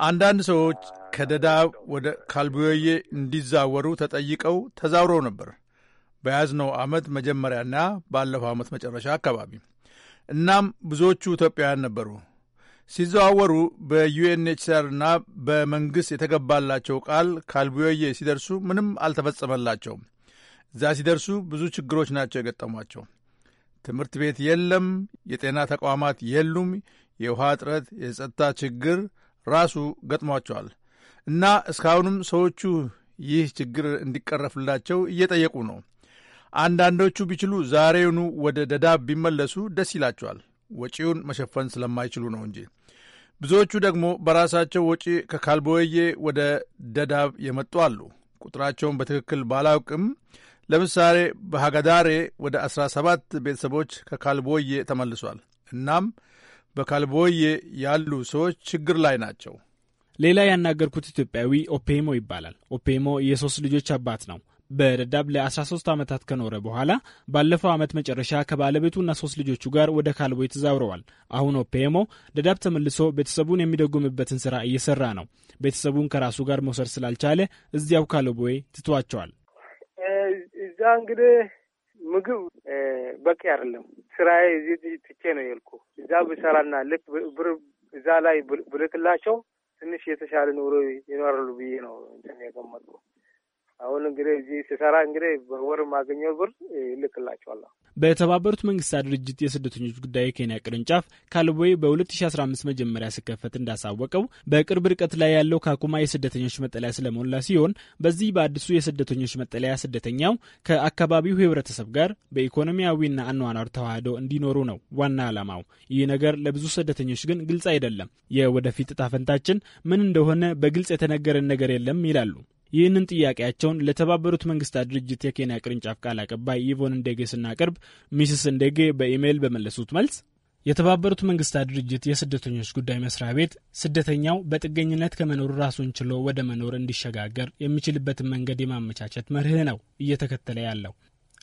አንዳንድ ሰዎች ከደዳብ ወደ ካልቦዬ እንዲዛወሩ ተጠይቀው ተዛውረው ነበር። በያዝነው ዓመት መጀመሪያና ባለፈው ዓመት መጨረሻ አካባቢ። እናም ብዙዎቹ ኢትዮጵያውያን ነበሩ። ሲዘዋወሩ በዩኤንኤችሲአርና በመንግሥት የተገባላቸው ቃል ካልቢዮዬ ሲደርሱ ምንም አልተፈጸመላቸውም። እዛ ሲደርሱ ብዙ ችግሮች ናቸው የገጠሟቸው። ትምህርት ቤት የለም፣ የጤና ተቋማት የሉም፣ የውሃ እጥረት፣ የጸጥታ ችግር ራሱ ገጥሟቸዋል። እና እስካሁንም ሰዎቹ ይህ ችግር እንዲቀረፍላቸው እየጠየቁ ነው። አንዳንዶቹ ቢችሉ ዛሬውኑ ወደ ደዳብ ቢመለሱ ደስ ይላቸዋል፣ ወጪውን መሸፈን ስለማይችሉ ነው እንጂ። ብዙዎቹ ደግሞ በራሳቸው ወጪ ከካልቦዬ ወደ ደዳብ የመጡ አሉ። ቁጥራቸውን በትክክል ባላውቅም ለምሳሌ በሀገዳሬ ወደ 17 ቤተሰቦች ከካልቦዬ ተመልሷል። እናም በካልቦዬ ያሉ ሰዎች ችግር ላይ ናቸው። ሌላ ያናገርኩት ኢትዮጵያዊ ኦፔሞ ይባላል። ኦፔሞ የሶስት ልጆች አባት ነው። በደዳብ ለ13 ዓመታት ከኖረ በኋላ ባለፈው ዓመት መጨረሻ ከባለቤቱና ሶስት ልጆቹ ጋር ወደ ካልቦይ ተዛውረዋል። አሁን ኦፔሞ ደዳብ ተመልሶ ቤተሰቡን የሚደጉምበትን ስራ እየሰራ ነው። ቤተሰቡን ከራሱ ጋር መውሰድ ስላልቻለ እዚያው ካልቦይ ትቷቸዋል። እዛ እንግዲህ ምግብ በቂ አይደለም። ስራዬ እዚህ ትቼ ነው የልኩ እዛ ብሰራና ልክ ብር እዛ ላይ ብልክላቸው ትንሽ የተሻለ ኑሮ ይኖራሉ ብዬ ነው እንትን የገመጥኩ አሁን እንግዲህ እዚህ ስሰራ እንግዲህ በወር የማገኘው ብር ይልክላቸዋለሁ። በተባበሩት መንግስታት ድርጅት የስደተኞች ጉዳይ ኬንያ ቅርንጫፍ ካልቦይ በ2015 መጀመሪያ ሲከፈት እንዳሳወቀው በቅርብ ርቀት ላይ ያለው ካኩማ የስደተኞች መጠለያ ስለሞላ ሲሆን በዚህ በአዲሱ የስደተኞች መጠለያ ስደተኛው ከአካባቢው ህብረተሰብ ጋር በኢኮኖሚያዊና አኗኗር ተዋህዶ እንዲኖሩ ነው ዋና ዓላማው። ይህ ነገር ለብዙ ስደተኞች ግን ግልጽ አይደለም። የወደፊት እጣ ፈንታችን ምን እንደሆነ በግልጽ የተነገረን ነገር የለም ይላሉ። ይህንን ጥያቄያቸውን ለተባበሩት መንግስታት ድርጅት የኬንያ ቅርንጫፍ ቃል አቀባይ ይቮን እንደጌ ስናቀርብ ሚስስ እንደጌ በኢሜይል በመለሱት መልስ የተባበሩት መንግስታት ድርጅት የስደተኞች ጉዳይ መስሪያ ቤት ስደተኛው በጥገኝነት ከመኖሩ ራሱን ችሎ ወደ መኖር እንዲሸጋገር የሚችልበትን መንገድ የማመቻቸት መርህ ነው እየተከተለ ያለው።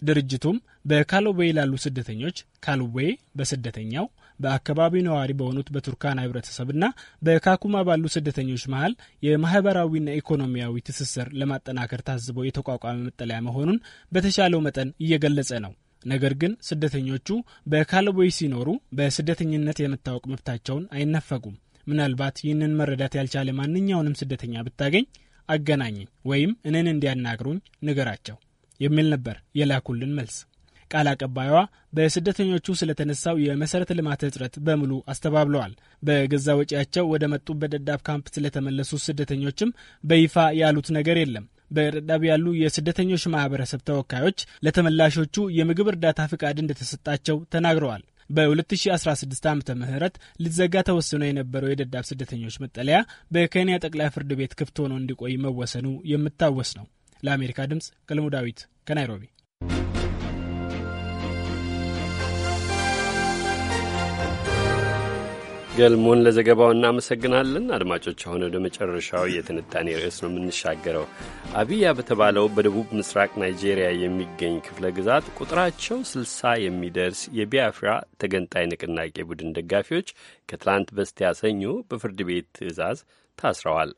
ድርጅቱም በካሎዌ ላሉ ስደተኞች ካሎዌ በስደተኛው በአካባቢው ነዋሪ በሆኑት በቱርካና ህብረተሰብና በካኩማ ባሉ ስደተኞች መሀል የማህበራዊና ኢኮኖሚያዊ ትስስር ለማጠናከር ታዝቦ የተቋቋመ መጠለያ መሆኑን በተሻለው መጠን እየገለጸ ነው። ነገር ግን ስደተኞቹ በካልቦይ ሲኖሩ በስደተኝነት የመታወቅ መብታቸውን አይነፈጉም። ምናልባት ይህንን መረዳት ያልቻለ ማንኛውንም ስደተኛ ብታገኝ አገናኘኝ ወይም እኔን እንዲያናግሩኝ ንገራቸው የሚል ነበር የላኩልን መልስ። ቃል አቀባዩዋ በስደተኞቹ ስለተነሳው የመሰረተ ልማት እጥረት በሙሉ አስተባብለዋል። በገዛ ወጪያቸው ወደ መጡበት ደዳብ ካምፕ ስለተመለሱ ስደተኞችም በይፋ ያሉት ነገር የለም። በደዳብ ያሉ የስደተኞች ማህበረሰብ ተወካዮች ለተመላሾቹ የምግብ እርዳታ ፍቃድ እንደተሰጣቸው ተናግረዋል። በ2016 ዓ ም ሊዘጋ ተወስኖ የነበረው የደዳብ ስደተኞች መጠለያ በኬንያ ጠቅላይ ፍርድ ቤት ክፍት ሆኖ እንዲቆይ መወሰኑ የሚታወስ ነው። ለአሜሪካ ድምፅ ገልሙ ዳዊት ከናይሮቢ ገልሞን ለዘገባው እናመሰግናለን። አድማጮች አሁን ወደ መጨረሻው የትንታኔ ርዕስ ነው የምንሻገረው። አብያ በተባለው በደቡብ ምስራቅ ናይጄሪያ የሚገኝ ክፍለ ግዛት ቁጥራቸው ስልሳ የሚደርስ የቢያፍራ ተገንጣይ ንቅናቄ ቡድን ደጋፊዎች ከትላንት በስቲያ ሰኞ በፍርድ ቤት ትዕዛዝ ታስረዋል።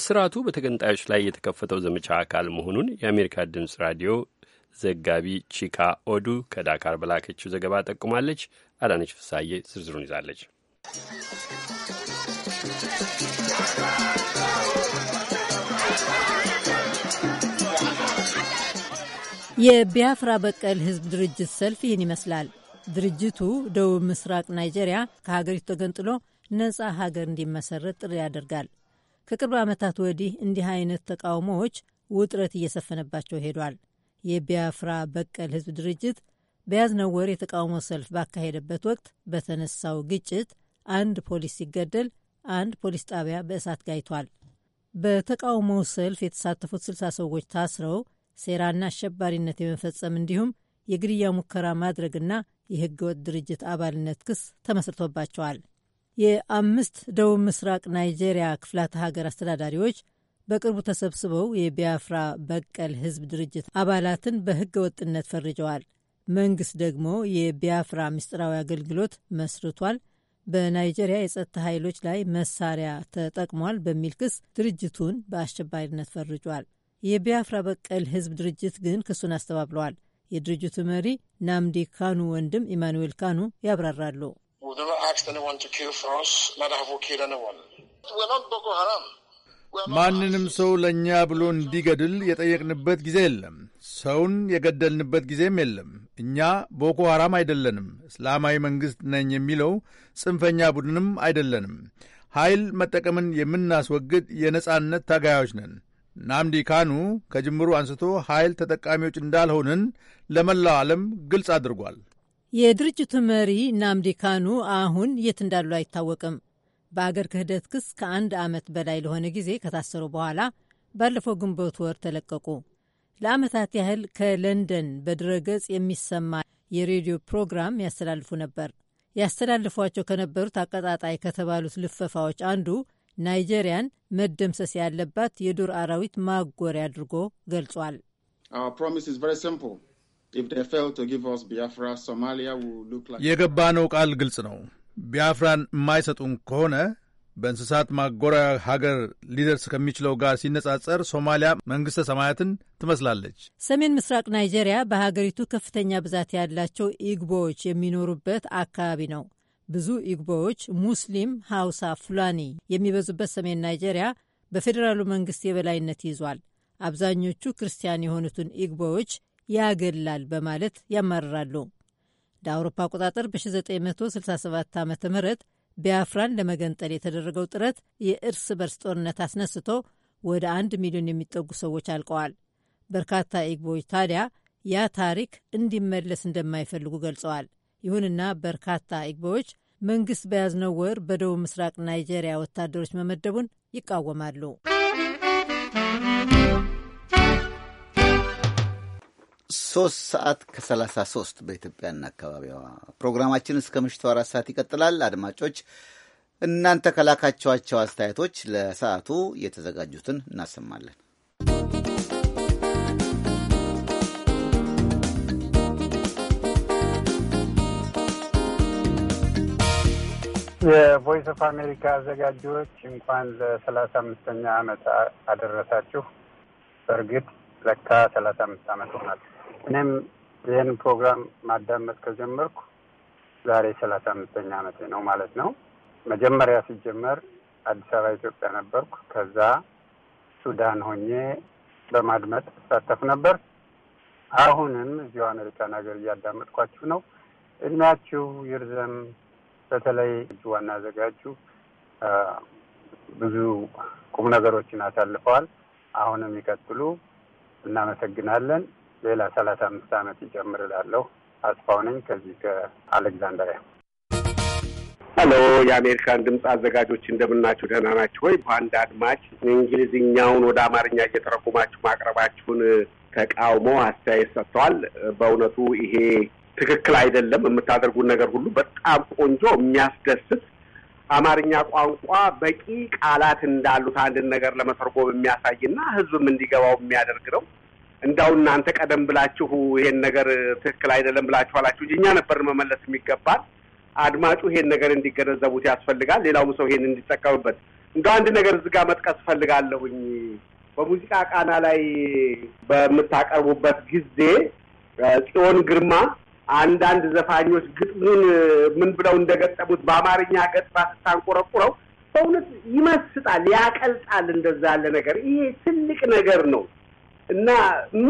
እስራቱ በተገንጣዮች ላይ የተከፈተው ዘመቻ አካል መሆኑን የአሜሪካ ድምፅ ራዲዮ ዘጋቢ ቺካ ኦዱ ከዳካር በላከችው ዘገባ ጠቁማለች። አዳነች ፍሳዬ ዝርዝሩን ይዛለች። የቢያፍራ በቀል ህዝብ ድርጅት ሰልፍ ይህን ይመስላል። ድርጅቱ ደቡብ ምስራቅ ናይጄሪያ ከሀገሪቱ ተገንጥሎ ነጻ ሀገር እንዲመሰረት ጥሪ ያደርጋል። ከቅርብ ዓመታት ወዲህ እንዲህ አይነት ተቃውሞዎች ውጥረት እየሰፈነባቸው ሄዷል። የቢያፍራ በቀል ህዝብ ድርጅት በያዝነው ወር የተቃውሞ ሰልፍ ባካሄደበት ወቅት በተነሳው ግጭት አንድ ፖሊስ ሲገደል አንድ ፖሊስ ጣቢያ በእሳት ጋይቷል። በተቃውሞው ሰልፍ የተሳተፉት ስልሳ ሰዎች ታስረው ሴራና አሸባሪነት የመፈጸም እንዲሁም የግድያ ሙከራ ማድረግና የህገወጥ ድርጅት አባልነት ክስ ተመስርቶባቸዋል። የአምስት ደቡብ ምስራቅ ናይጄሪያ ክፍላተ ሀገር አስተዳዳሪዎች በቅርቡ ተሰብስበው የቢያፍራ በቀል ህዝብ ድርጅት አባላትን በህገ ወጥነት ፈርጀዋል። መንግስት ደግሞ የቢያፍራ ምስጢራዊ አገልግሎት መስርቷል በናይጄሪያ የጸጥታ ኃይሎች ላይ መሳሪያ ተጠቅሟል በሚል ክስ ድርጅቱን በአሸባሪነት ፈርጇል። የቢያፍራ በቀል ህዝብ ድርጅት ግን ክሱን አስተባብለዋል። የድርጅቱ መሪ ናምዲ ካኑ ወንድም ኢማኑዌል ካኑ ያብራራሉ። ማንንም ሰው ለእኛ ብሎ እንዲገድል የጠየቅንበት ጊዜ የለም። ሰውን የገደልንበት ጊዜም የለም። እኛ ቦኮ ሐራም አይደለንም፣ እስላማዊ መንግሥት ነኝ የሚለው ጽንፈኛ ቡድንም አይደለንም። ኃይል መጠቀምን የምናስወግድ የነጻነት ታጋዮች ነን። ናምዲ ካኑ ከጅምሩ አንስቶ ኃይል ተጠቃሚዎች እንዳልሆንን ለመላው ዓለም ግልጽ አድርጓል። የድርጅቱ መሪ ናምዲ ካኑ አሁን የት እንዳሉ አይታወቅም። በአገር ክህደት ክስ ከአንድ ዓመት በላይ ለሆነ ጊዜ ከታሰሩ በኋላ ባለፈው ግንቦት ወር ተለቀቁ። ለዓመታት ያህል ከለንደን በድረገጽ የሚሰማ የሬዲዮ ፕሮግራም ያስተላልፉ ነበር። ያስተላልፏቸው ከነበሩት አቀጣጣይ ከተባሉት ልፈፋዎች አንዱ ናይጄሪያን መደምሰስ ያለባት የዱር አራዊት ማጎሪያ አድርጎ ገልጿል። የገባነው ቃል ግልጽ ነው። ቢያፍራን የማይሰጡን ከሆነ በእንስሳት ማጎሪያ ሀገር ሊደርስ ከሚችለው ጋር ሲነጻጸር ሶማሊያ መንግሥተ ሰማያትን ትመስላለች። ሰሜን ምስራቅ ናይጄሪያ በሀገሪቱ ከፍተኛ ብዛት ያላቸው ኢግቦዎች የሚኖሩበት አካባቢ ነው። ብዙ ኢግቦዎች ሙስሊም፣ ሃውሳ ፉላኒ የሚበዙበት ሰሜን ናይጄሪያ በፌዴራሉ መንግሥት የበላይነት ይዟል። አብዛኞቹ ክርስቲያን የሆኑትን ኢግቦዎች ያገላል በማለት ያማርራሉ። እንደ አውሮፓ አቆጣጠር በ1967 ዓ ም ቢያፍራን ለመገንጠል የተደረገው ጥረት የእርስ በርስ ጦርነት አስነስቶ ወደ አንድ ሚሊዮን የሚጠጉ ሰዎች አልቀዋል። በርካታ ኢግቦች ታዲያ ያ ታሪክ እንዲመለስ እንደማይፈልጉ ገልጸዋል። ይሁንና በርካታ ኢግቦዎች መንግስት በያዝነው ወር በደቡብ ምስራቅ ናይጄሪያ ወታደሮች መመደቡን ይቃወማሉ። ሶስት ሰዓት ከሰላሳ ሶስት በኢትዮጵያና አካባቢዋ ፕሮግራማችን እስከ ምሽቱ አራት ሰዓት ይቀጥላል። አድማጮች እናንተ ከላካችኋቸው አስተያየቶች ለሰዓቱ የተዘጋጁትን እናሰማለን። የቮይስ ኦፍ አሜሪካ አዘጋጆች እንኳን ለሰላሳ አምስተኛ ዓመት አደረሳችሁ። በእርግጥ ለካ ሰላሳ አምስት ዓመት ሆናችሁ። እኔም ይህን ፕሮግራም ማዳመጥ ከጀመርኩ ዛሬ ሰላሳ አምስተኛ ዓመቴ ነው ማለት ነው። መጀመሪያ ሲጀመር አዲስ አበባ ኢትዮጵያ ነበርኩ። ከዛ ሱዳን ሆኜ በማድመጥ እሳተፍ ነበር። አሁንም እዚሁ አሜሪካን ሀገር እያዳመጥኳችሁ ነው። እድሜያችሁ ይርዘም። በተለይ ዋና አዘጋጁ ብዙ ቁም ነገሮችን አሳልፈዋል። አሁንም ይቀጥሉ። እናመሰግናለን። ሌላ ሰላሳ አምስት አመት ይጨምር አስፋው ነኝ ከዚህ ከአሌክዛንደሪያ። ሀሎ፣ የአሜሪካን ድምፅ አዘጋጆች እንደምናችሁ፣ ደህና ናችሁ ወይ? በአንድ አድማጭ እንግሊዝኛውን ወደ አማርኛ እየተረጉማችሁ ማቅረባችሁን ተቃውሞ አስተያየት ሰጥተዋል። በእውነቱ ይሄ ትክክል አይደለም። የምታደርጉን ነገር ሁሉ በጣም ቆንጆ፣ የሚያስደስት አማርኛ ቋንቋ በቂ ቃላት እንዳሉት አንድን ነገር ለመተርጎም የሚያሳይና ሕዝብም እንዲገባው የሚያደርግ ነው። እንዳው እናንተ ቀደም ብላችሁ ይሄን ነገር ትክክል አይደለም ብላችሁ አላችሁ እንጂ እኛ ነበርን መመለስ የሚገባል። አድማጩ ይሄን ነገር እንዲገነዘቡት ያስፈልጋል። ሌላውም ሰው ይሄን እንዲጠቀምበት። እንደ አንድ ነገር እዚህ ጋር መጥቀስ እፈልጋለሁኝ። በሙዚቃ ቃና ላይ በምታቀርቡበት ጊዜ ጽዮን ግርማ አንዳንድ ዘፋኞች ግጥሙን ምን ብለው እንደገጠሙት በአማርኛ ገጥማ ስታንቆረቁረው በእውነት ይመስጣል፣ ያቀልጣል። እንደዛ ያለ ነገር ይሄ ትልቅ ነገር ነው። እና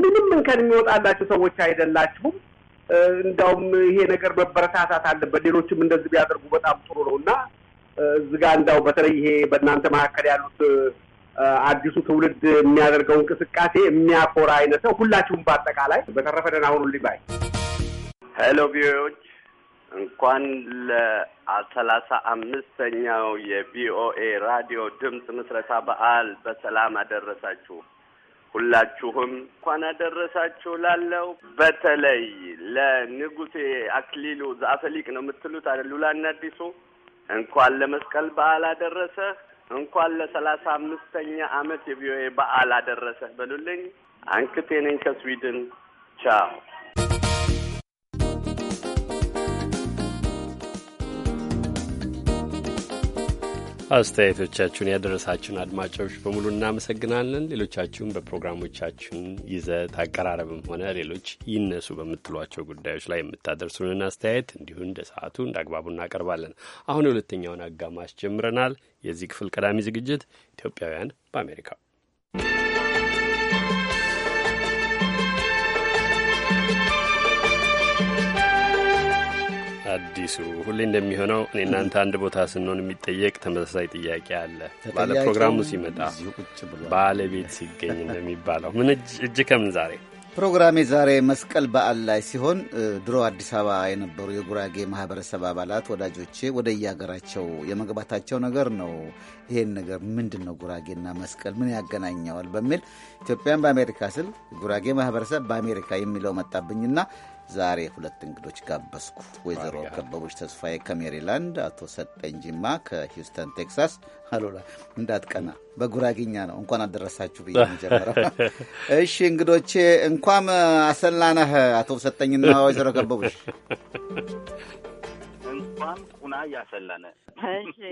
ምንም እንከን የሚወጣላቸው ሰዎች አይደላችሁም። እንዳውም ይሄ ነገር መበረታታት አለበት። ሌሎችም እንደዚህ ቢያደርጉ በጣም ጥሩ ነው እና እዚህ ጋ እንዳው በተለይ ይሄ በእናንተ መካከል ያሉት አዲሱ ትውልድ የሚያደርገው እንቅስቃሴ የሚያኮራ አይነት ነው። ሁላችሁም በአጠቃላይ በተረፈ ደህና ሁኑልኝ ባይ። ሄሎ ቪኦኤዎች እንኳን ለሰላሳ አምስተኛው የቪኦኤ ራዲዮ ድምፅ ምስረታ በዓል በሰላም አደረሳችሁ። ሁላችሁም እንኳን አደረሳችሁ ላለው በተለይ ለንጉሴ አክሊሉ ዘአፈሊቅ ነው የምትሉት ሉላና አዲሱ እንኳን ለመስቀል በዓል አደረሰህ፣ እንኳን ለሰላሳ አምስተኛ አመት የቪኦኤ በዓል አደረሰህ በሉልኝ። አንክቴ ነኝ ከስዊድን ቻው። አስተያየቶቻችሁን ያደረሳችሁን አድማጮች በሙሉ እናመሰግናለን። ሌሎቻችሁም በፕሮግራሞቻችን ይዘት አቀራረብም ሆነ ሌሎች ይነሱ በምትሏቸው ጉዳዮች ላይ የምታደርሱንን አስተያየት እንዲሁ እንደ ሰዓቱ እንደ አግባቡ እናቀርባለን። አሁን የሁለተኛውን አጋማሽ ጀምረናል። የዚህ ክፍል ቀዳሚ ዝግጅት ኢትዮጵያውያን በአሜሪካ አዲሱ ሁሌ እንደሚሆነው እኔ እናንተ አንድ ቦታ ስንሆን የሚጠየቅ ተመሳሳይ ጥያቄ አለ። ፕሮግራሙ ሲመጣ ባለቤት ሲገኝ እንደሚባለው ምን እጅ ከምን ዛሬ ፕሮግራሜ ዛሬ መስቀል በዓል ላይ ሲሆን ድሮ አዲስ አበባ የነበሩ የጉራጌ ማህበረሰብ አባላት ወዳጆቼ ወደ የሀገራቸው የመግባታቸው ነገር ነው። ይሄን ነገር ምንድን ነው ጉራጌና መስቀል ምን ያገናኘዋል በሚል ኢትዮጵያን በአሜሪካ ስል ጉራጌ ማህበረሰብ በአሜሪካ የሚለው መጣብኝና ዛሬ ሁለት እንግዶች ጋበዝኩ። ወይዘሮ ከበቦች ተስፋዬ ከሜሪላንድ፣ አቶ ሰጠኝ ጂማ ከሂውስተን ቴክሳስ። አሉላ እንዳትቀና በጉራጊኛ ነው እንኳን አደረሳችሁ ብዬ ጀምረው። እሺ እንግዶቼ እንኳም አሰላነህ አቶ ሰጠኝና ወይዘሮ ከበቦች እንኳም ቁና ያሰላነ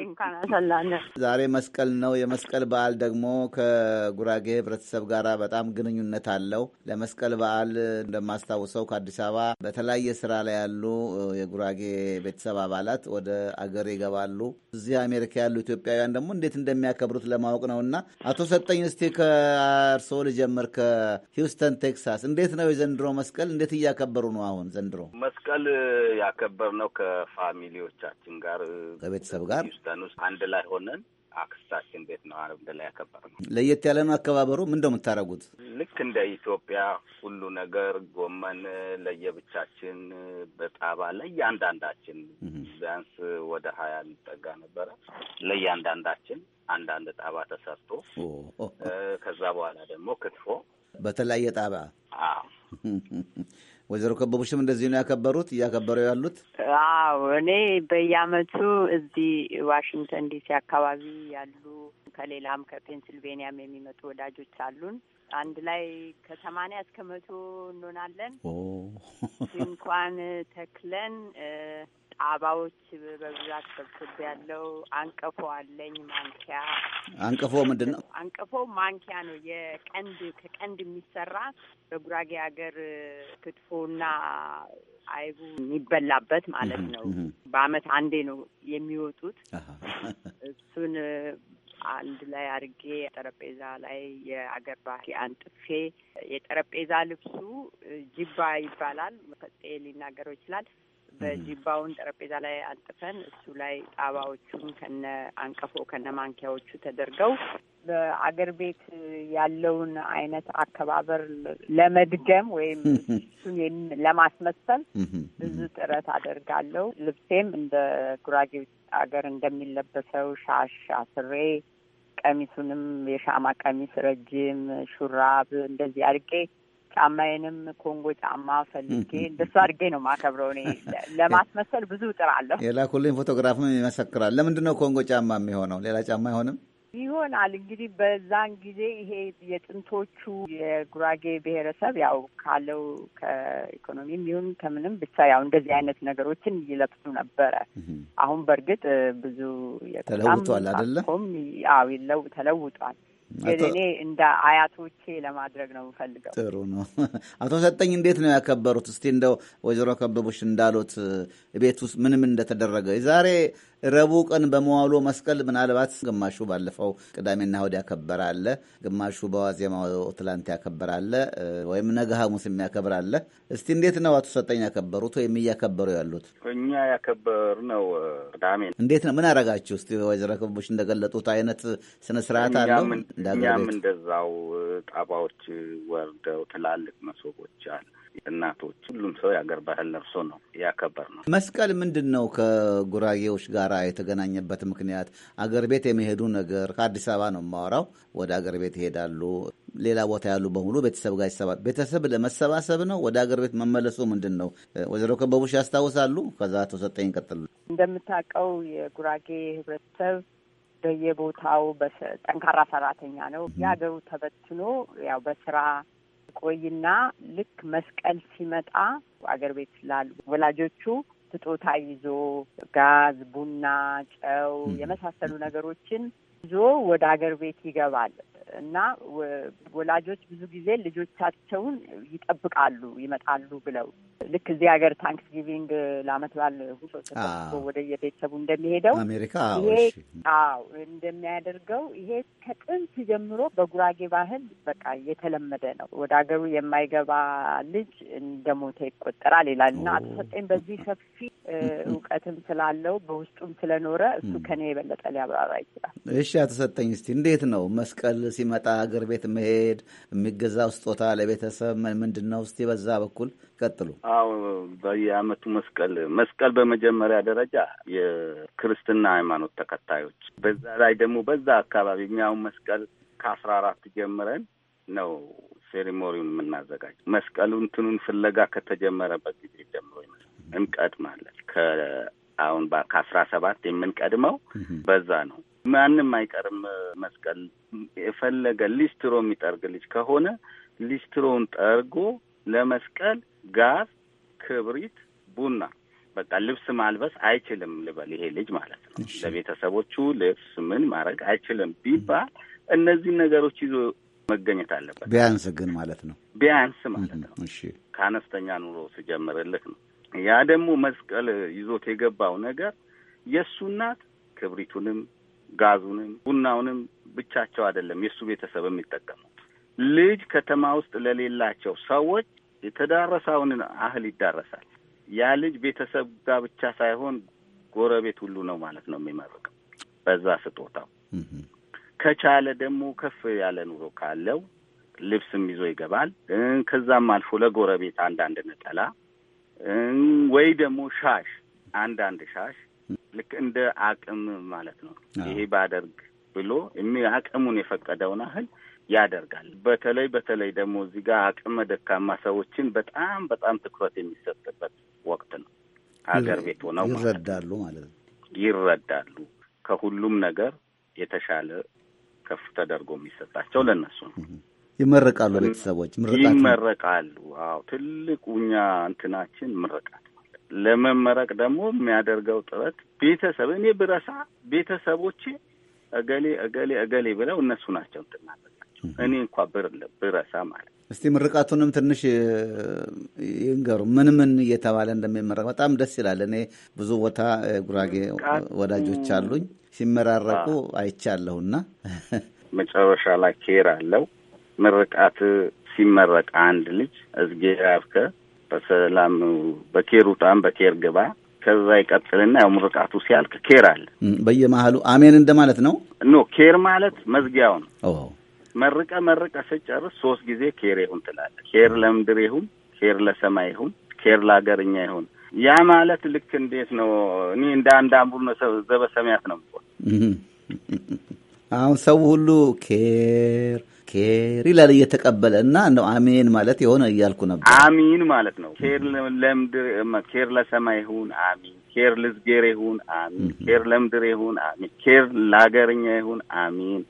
እንኳን አሰላነ። ዛሬ መስቀል ነው። የመስቀል በዓል ደግሞ ከጉራጌ ህብረተሰብ ጋር በጣም ግንኙነት አለው። ለመስቀል በዓል እንደማስታውሰው ከአዲስ አበባ በተለያየ ስራ ላይ ያሉ የጉራጌ ቤተሰብ አባላት ወደ አገር ይገባሉ። እዚህ አሜሪካ ያሉ ኢትዮጵያውያን ደግሞ እንዴት እንደሚያከብሩት ለማወቅ ነው እና አቶ ሰጠኝ እስቲ ከእርስዎ ልጀምር። ከሂውስተን ቴክሳስ እንዴት ነው የዘንድሮ መስቀል? እንዴት እያከበሩ ነው አሁን ዘንድሮ መስቀል? ያከበር ነው ከፋሚሊዎቻችን ጋር ከቤተሰብ ቤተሰብ ጋር ሂውስተን ውስጥ አንድ ላይ ሆነን አክስታችን ቤት ነው አንድ ላይ ያከበርነው። ለየት ያለ ነው አከባበሩ። ምንድነው የምታደርጉት? ልክ እንደ ኢትዮጵያ ሁሉ ነገር ጎመን ለየብቻችን በጣባ ለእያንዳንዳችን ቢያንስ ወደ ሀያ እንጠጋ ነበረ ለእያንዳንዳችን አንዳንድ ጣባ ተሰርቶ ከዛ በኋላ ደግሞ ክትፎ በተለያየ ጣባ ወይዘሮ ከበቡሽም እንደዚህ ነው ያከበሩት እያከበሩ ያሉት? አዎ እኔ በየአመቱ እዚህ ዋሽንግተን ዲሲ አካባቢ ያሉ ከሌላም ከፔንስልቬኒያም የሚመጡ ወዳጆች አሉን። አንድ ላይ ከሰማንያ እስከ መቶ እንሆናለን። ድንኳን ተክለን አባዎች በብዛት ሰብስብ ያለው አንቀፎ አለኝ። ማንኪያ አንቀፎ ምንድን ነው? አንቀፎ ማንኪያ ነው። የቀንድ ከቀንድ የሚሰራ በጉራጌ ሀገር ክትፎና አይቡ የሚበላበት ማለት ነው። በአመት አንዴ ነው የሚወጡት። እሱን አንድ ላይ አድርጌ ጠረጴዛ ላይ የአገር ባህል አንጥፌ የጠረጴዛ ልብሱ ጅባ ይባላል። መፈጤ ሊናገረው ይችላል። በጂባውን ጠረጴዛ ላይ አጥፈን እሱ ላይ ጣባዎቹም ከነ አንቀፎ ከነ ማንኪያዎቹ ተደርገው በአገር ቤት ያለውን አይነት አከባበር ለመድገም ወይም እሱን ለማስመሰል ብዙ ጥረት አደርጋለሁ። ልብሴም እንደ ጉራጌ አገር እንደሚለበሰው ሻሽ አስሬ ቀሚሱንም የሻማ ቀሚስ ረጅም ሹራብ እንደዚህ አድርጌ ጫማዬንም ኮንጎ ጫማ ፈልጌ እንደሱ አድርጌ ነው ማከብረው። እኔ ለማስመሰል ብዙ ጥር አለሁ። የላኩልኝ ፎቶግራፍም ይመሰክራል። ለምንድን ነው ኮንጎ ጫማ የሚሆነው? ሌላ ጫማ አይሆንም? ይሆናል እንግዲህ በዛን ጊዜ ይሄ የጥንቶቹ የጉራጌ ብሔረሰብ ያው ካለው ከኢኮኖሚም ይሁን ከምንም ብቻ ያው እንደዚህ አይነት ነገሮችን ይለብሱ ነበረ። አሁን በእርግጥ ብዙ ተለውጧል፣ አይደለም? አዎ ተለውጧል። የኔ እንደ አያቶቼ ለማድረግ ነው የምፈልገው። ጥሩ ነው። አቶ ሰጠኝ እንዴት ነው ያከበሩት? እስቲ እንደው ወይዘሮ ከበቦች እንዳሉት ቤት ውስጥ ምንም እንደተደረገ የዛሬ ረቡዕ ቀን በመዋሉ መስቀል ምናልባት ግማሹ ባለፈው ቅዳሜና እሑድ ያከበራለ፣ ግማሹ በዋዜማው ትላንት ያከበራለ፣ ወይም ነገ ሐሙስ የሚያከብራለ። እስቲ እንዴት ነው አቶ ሰጠኝ ያከበሩት ወይም እያከበሩ ያሉት? እኛ ያከበር ነው ቅዳሜ። እንዴት ነው ምን አረጋችሁ? እስቲ ወይዘሮ ክቦች እንደገለጡት አይነት ስነስርዓት አለው። እኛም እንደዛው ጣባዎች ወርደው ትላልቅ መሶቦች አለ እናቶች፣ ሁሉም ሰው የአገር ባህል ለብሶ ነው ያከበር ነው። መስቀል ምንድን ነው? ከጉራጌዎች ጋር የተገናኘበት ምክንያት አገር ቤት የመሄዱ ነገር ከአዲስ አበባ ነው የማወራው። ወደ አገር ቤት ይሄዳሉ። ሌላ ቦታ ያሉ በሙሉ ቤተሰብ ጋር ይሰባል። ቤተሰብ ለመሰባሰብ ነው። ወደ አገር ቤት መመለሱ ምንድን ነው? ወይዘሮ ከበቡሽ ያስታውሳሉ። ከዛ ተሰጠኝ ቀጥሉ። እንደምታውቀው የጉራጌ ህብረተሰብ በየቦታው ጠንካራ ሰራተኛ ነው። የሀገሩ ተበትኖ ያው በስራ ቆይና ልክ መስቀል ሲመጣ አገር ቤት ላሉ ወላጆቹ ስጦታ ይዞ ጋዝ፣ ቡና፣ ጨው የመሳሰሉ ነገሮችን ይዞ ወደ አገር ቤት ይገባል። እና ወላጆች ብዙ ጊዜ ልጆቻቸውን ይጠብቃሉ ይመጣሉ ብለው ልክ እዚህ ሀገር ታንክስ ጊቪንግ ለአመት በዓል ሁሉ ተሰብስቦ ወደ የቤተሰቡ እንደሚሄደው አሜሪካ ይሄ አዎ እንደሚያደርገው ይሄ ከጥንት ጀምሮ በጉራጌ ባህል በቃ የተለመደ ነው። ወደ ሀገሩ የማይገባ ልጅ እንደ ሞተ ይቆጠራል ይላል እና አቶ ሰጠኝ በዚህ ሰፊ እውቀትም ስላለው በውስጡም ስለኖረ እሱ ከኔ የበለጠ ሊያብራራ ይችላል። እሺ አቶ ሰጠኝ እስቲ እንዴት ነው መስቀል ሲመጣ እግር ቤት መሄድ፣ የሚገዛው ስጦታ ለቤተሰብ ምንድን ነው? እስቲ በዛ በኩል ቀጥሉ። አዎ በየአመቱ መስቀል መስቀል በመጀመሪያ ደረጃ የክርስትና ሃይማኖት ተከታዮች በዛ ላይ ደግሞ በዛ አካባቢ እኛውን መስቀል ከአስራ አራት ጀምረን ነው ሴሪሞኒውን የምናዘጋጅ መስቀሉ እንትኑን ፍለጋ ከተጀመረበት ጊዜ ጀምሮ ይመስል እንቀድማለን። ከአሁን ከአስራ ሰባት የምንቀድመው በዛ ነው። ማንም አይቀርም መስቀል የፈለገ ሊስትሮ የሚጠርግ ልጅ ከሆነ ሊስትሮውን ጠርጎ ለመስቀል ጋዝ፣ ክብሪት፣ ቡና በቃ ልብስ ማልበስ አይችልም ልበል ይሄ ልጅ ማለት ነው። ለቤተሰቦቹ ልብስ ምን ማድረግ አይችልም ቢባል እነዚህ ነገሮች ይዞ መገኘት አለበት። ቢያንስ ግን ማለት ነው ቢያንስ ማለት ነው ከአነስተኛ ኑሮ ስጀምርልህ ነው። ያ ደግሞ መስቀል ይዞት የገባው ነገር የእሱ እናት ክብሪቱንም ጋዙንም ቡናውንም ብቻቸው አይደለም የእሱ ቤተሰብ የሚጠቀመው። ልጅ ከተማ ውስጥ ለሌላቸው ሰዎች የተዳረሰውን አህል ይዳረሳል። ያ ልጅ ቤተሰብ ጋር ብቻ ሳይሆን ጎረቤት ሁሉ ነው ማለት ነው የሚመርቅ በዛ ስጦታው። ከቻለ ደግሞ ከፍ ያለ ኑሮ ካለው ልብስም ይዞ ይገባል። ከዛም አልፎ ለጎረቤት አንዳንድ ነጠላ ወይ ደግሞ ሻሽ አንዳንድ ሻሽ ልክ እንደ አቅም ማለት ነው። ይሄ ባደርግ ብሎ አቅሙን የፈቀደውን ያህል ያደርጋል። በተለይ በተለይ ደግሞ እዚህ ጋር አቅመ ደካማ ሰዎችን በጣም በጣም ትኩረት የሚሰጥበት ወቅት ነው። ሀገር ቤት ሆነው ይረዳሉ ማለት ነው። ይረዳሉ ከሁሉም ነገር የተሻለ ከፍ ተደርጎ የሚሰጣቸው ለእነሱ ነው። ይመረቃሉ፣ ቤተሰቦች ይመረቃሉ። አዎ ትልቁ እኛ እንትናችን ምርቃት ለመመረቅ ደግሞ የሚያደርገው ጥረት ቤተሰብ እኔ ብረሳ ቤተሰቦቼ እገሌ እገሌ እገሌ ብለው እነሱ ናቸው እንትናበቃቸው እኔ እንኳ ብረሳ ማለት እስቲ ምርቃቱንም ትንሽ ይንገሩ። ምን ምን እየተባለ እንደሚመረቅ በጣም ደስ ይላል። እኔ ብዙ ቦታ ጉራጌ ወዳጆች አሉኝ ሲመራረቁ አይቻለሁና መጨረሻ ላይ ኬር አለው ምርቃት ሲመረቅ አንድ ልጅ እዝጌ አብከ በሰላም በኬር ውጣም በኬር ግባ ከዛ ይቀጥልና ያው ምርቃቱ ሲያልክ ኬር አለ። በየመሀሉ አሜን እንደማለት ነው። ኖ ኬር ማለት መዝጊያው ነው። መርቀ መርቀ ስጨርስ ሶስት ጊዜ ኬር ይሁን ትላለ ኬር ለምድር ይሁን፣ ኬር ለሰማይ ይሁን፣ ኬር ለአገርኛ ይሁን። ያ ማለት ልክ እንዴት ነው? እኔ እንደ አንድ አምቡል ዘበሰማያት ነው። አሁን ሰው ሁሉ ኬር ኬር ይላል እየተቀበለ እና ነው አሜን ማለት የሆነ እያልኩ ነበር። አሚን ማለት ነው። ኬር ለምድር ኬር ለሰማይ ይሁን አሚን። ኬር ልዝጌር ይሁን አሚን። ኬር ለምድር ይሁን አሚን። ኬር ለሀገርኛ ይሁን አሚን።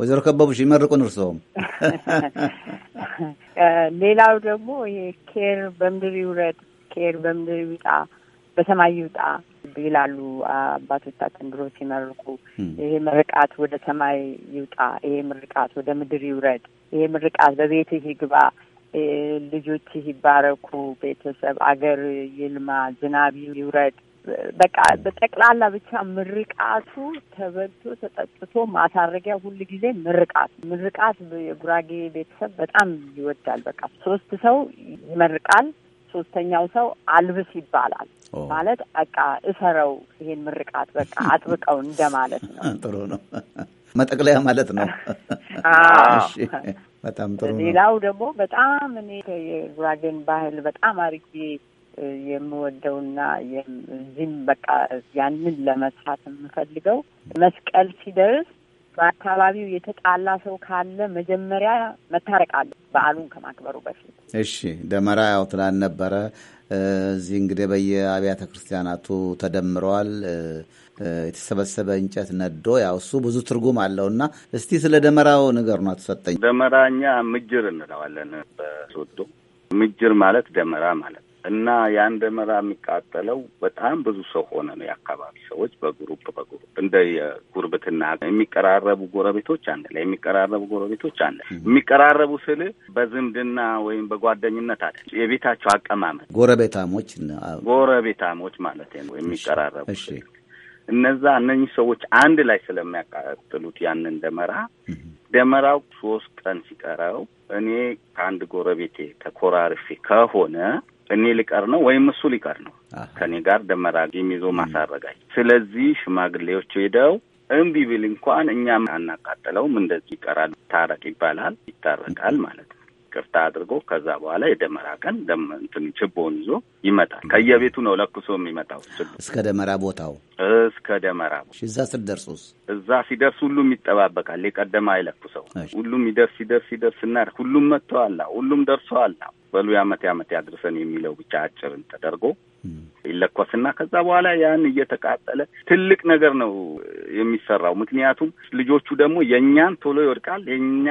ወይዘሮ ከበቡሽ ይመርቁን። እርስዎም ሌላው ደግሞ ይሄ ኬር በምድር ይውረድ፣ ኬር በምድር ይውጣ፣ በሰማይ ይውጣ ይላሉ አባቶቻችን ድሮ ሲመርቁ። ይሄ ምርቃት ወደ ሰማይ ይውጣ፣ ይሄ ምርቃት ወደ ምድር ይውረድ፣ ይሄ ምርቃት በቤትህ ይግባ፣ ልጆች ይባረኩ፣ ቤተሰብ፣ አገር ይልማ፣ ዝናብ ይውረድ። በቃ በጠቅላላ ብቻ ምርቃቱ ተበልቶ ተጠጥቶ ማሳረጊያ ሁል ጊዜ ምርቃት ምርቃት የጉራጌ ቤተሰብ በጣም ይወዳል። በቃ ሶስት ሰው ይመርቃል ሶስተኛው ሰው አልብስ ይባላል። ማለት በቃ እሰረው፣ ይሄን ምርቃት በቃ አጥብቀው ማለት ነው። ጥሩ ነው፣ መጠቅለያ ማለት ነው። በጣም ጥሩ። ሌላው ደግሞ በጣም እኔ የጉራጌን ባህል በጣም አርጌ የምወደውና እዚህም በቃ ያንን ለመስራት የምፈልገው መስቀል ሲደርስ በአካባቢው የተጣላ ሰው ካለ መጀመሪያ መታረቅ አለ፣ በዓሉን ከማክበሩ በፊት። እሺ ደመራ ያው ትላንት ነበረ። እዚህ እንግዲህ በየአብያተ ክርስቲያናቱ ተደምረዋል። የተሰበሰበ እንጨት ነዶ፣ ያው እሱ ብዙ ትርጉም አለውና እስቲ ስለ ደመራው ንገር ነው ተሰጠኝ። ደመራኛ ምጅር እንለዋለን በሶዶ ምጅር ማለት ደመራ ማለት እና ያን ደመራ የሚቃጠለው በጣም ብዙ ሰው ሆነ ነው። የአካባቢ ሰዎች በግሩፕ በግሩፕ እንደ የጉርብትና የሚቀራረቡ ጎረቤቶች አንድ ላይ የሚቀራረቡ ጎረቤቶች አንድ ላይ የሚቀራረቡ ስል በዝምድና ወይም በጓደኝነት አለ። የቤታቸው አቀማመጥ ጎረቤታሞች ጎረቤታሞች ማለት ነው የሚቀራረቡ እነዛ እነኚህ ሰዎች አንድ ላይ ስለሚያቃጥሉት ያንን ደመራ ደመራው ሶስት ቀን ሲቀረው እኔ ከአንድ ጎረቤቴ ተኮራርፌ ከሆነ እኔ ሊቀር ነው ወይም እሱ ሊቀር ነው ከእኔ ጋር ደመራ ይዞ ማሳረጋኝ። ስለዚህ ሽማግሌዎች ሄደው እምቢ ብል እንኳን እኛም አናቃጥለውም፣ እንደዚህ ይቀራል፣ ታረቅ ይባላል፣ ይታረቃል ማለት ነው። ቅርታ አድርጎ ከዛ በኋላ የደመራ ቀን እንትን ችቦን ይዞ ይመጣል። ከየቤቱ ነው ለኩሶ የሚመጣው እስከ ደመራ ቦታው እስከ ደመራ እዛ ስደርሱስ እዛ ሲደርስ ሁሉም ይጠባበቃል። የቀደመ አይለኩሰው ሁሉም ይደርስ ይደርስ ይደርስ እና ሁሉም መጥተዋላ ሁሉም ደርሰዋላ በሉ የአመት የአመት ያድርሰን የሚለው ብቻ አጭርን ተደርጎ ይለኮስና ከዛ በኋላ ያን እየተቃጠለ ትልቅ ነገር ነው የሚሰራው። ምክንያቱም ልጆቹ ደግሞ የእኛን ቶሎ ይወድቃል የእኛ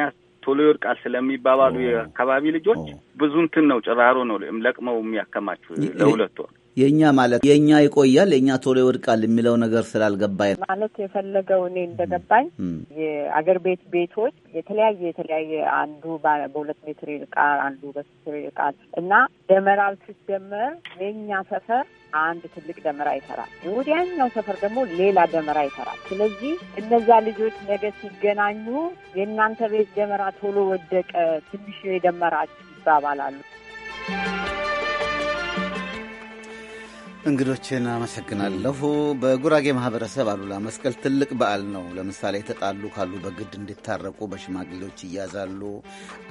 ቶሎ ይወድቃል ስለሚባባሉ የአካባቢ ልጆች ብዙ እንትን ነው ጭራሮ ነው ለቅመው የሚያከማችሁ ለሁለት ወር የእኛ ማለት የእኛ ይቆያል የእኛ ቶሎ ይወድቃል የሚለው ነገር ስላልገባኝ ማለት የፈለገው እኔ እንደገባኝ የአገር ቤት ቤቶች የተለያየ የተለያየ አንዱ በሁለት ሜትር ይልቃል፣ አንዱ በስትር ይልቃል እና ደመራው ሲደመር የእኛ ሰፈር አንድ ትልቅ ደመራ ይሰራል። የወዲያኛው ሰፈር ደግሞ ሌላ ደመራ ይሰራል። ስለዚህ እነዛ ልጆች ነገ ሲገናኙ የእናንተ ቤት ደመራ ቶሎ ወደቀ፣ ትንሽ የደመራችሁ ይባባላሉ። እንግዶችን አመሰግናለሁ። በጉራጌ ማህበረሰብ አሉላ መስቀል ትልቅ በዓል ነው። ለምሳሌ የተጣሉ ካሉ በግድ እንዲታረቁ በሽማግሌዎች ይያዛሉ።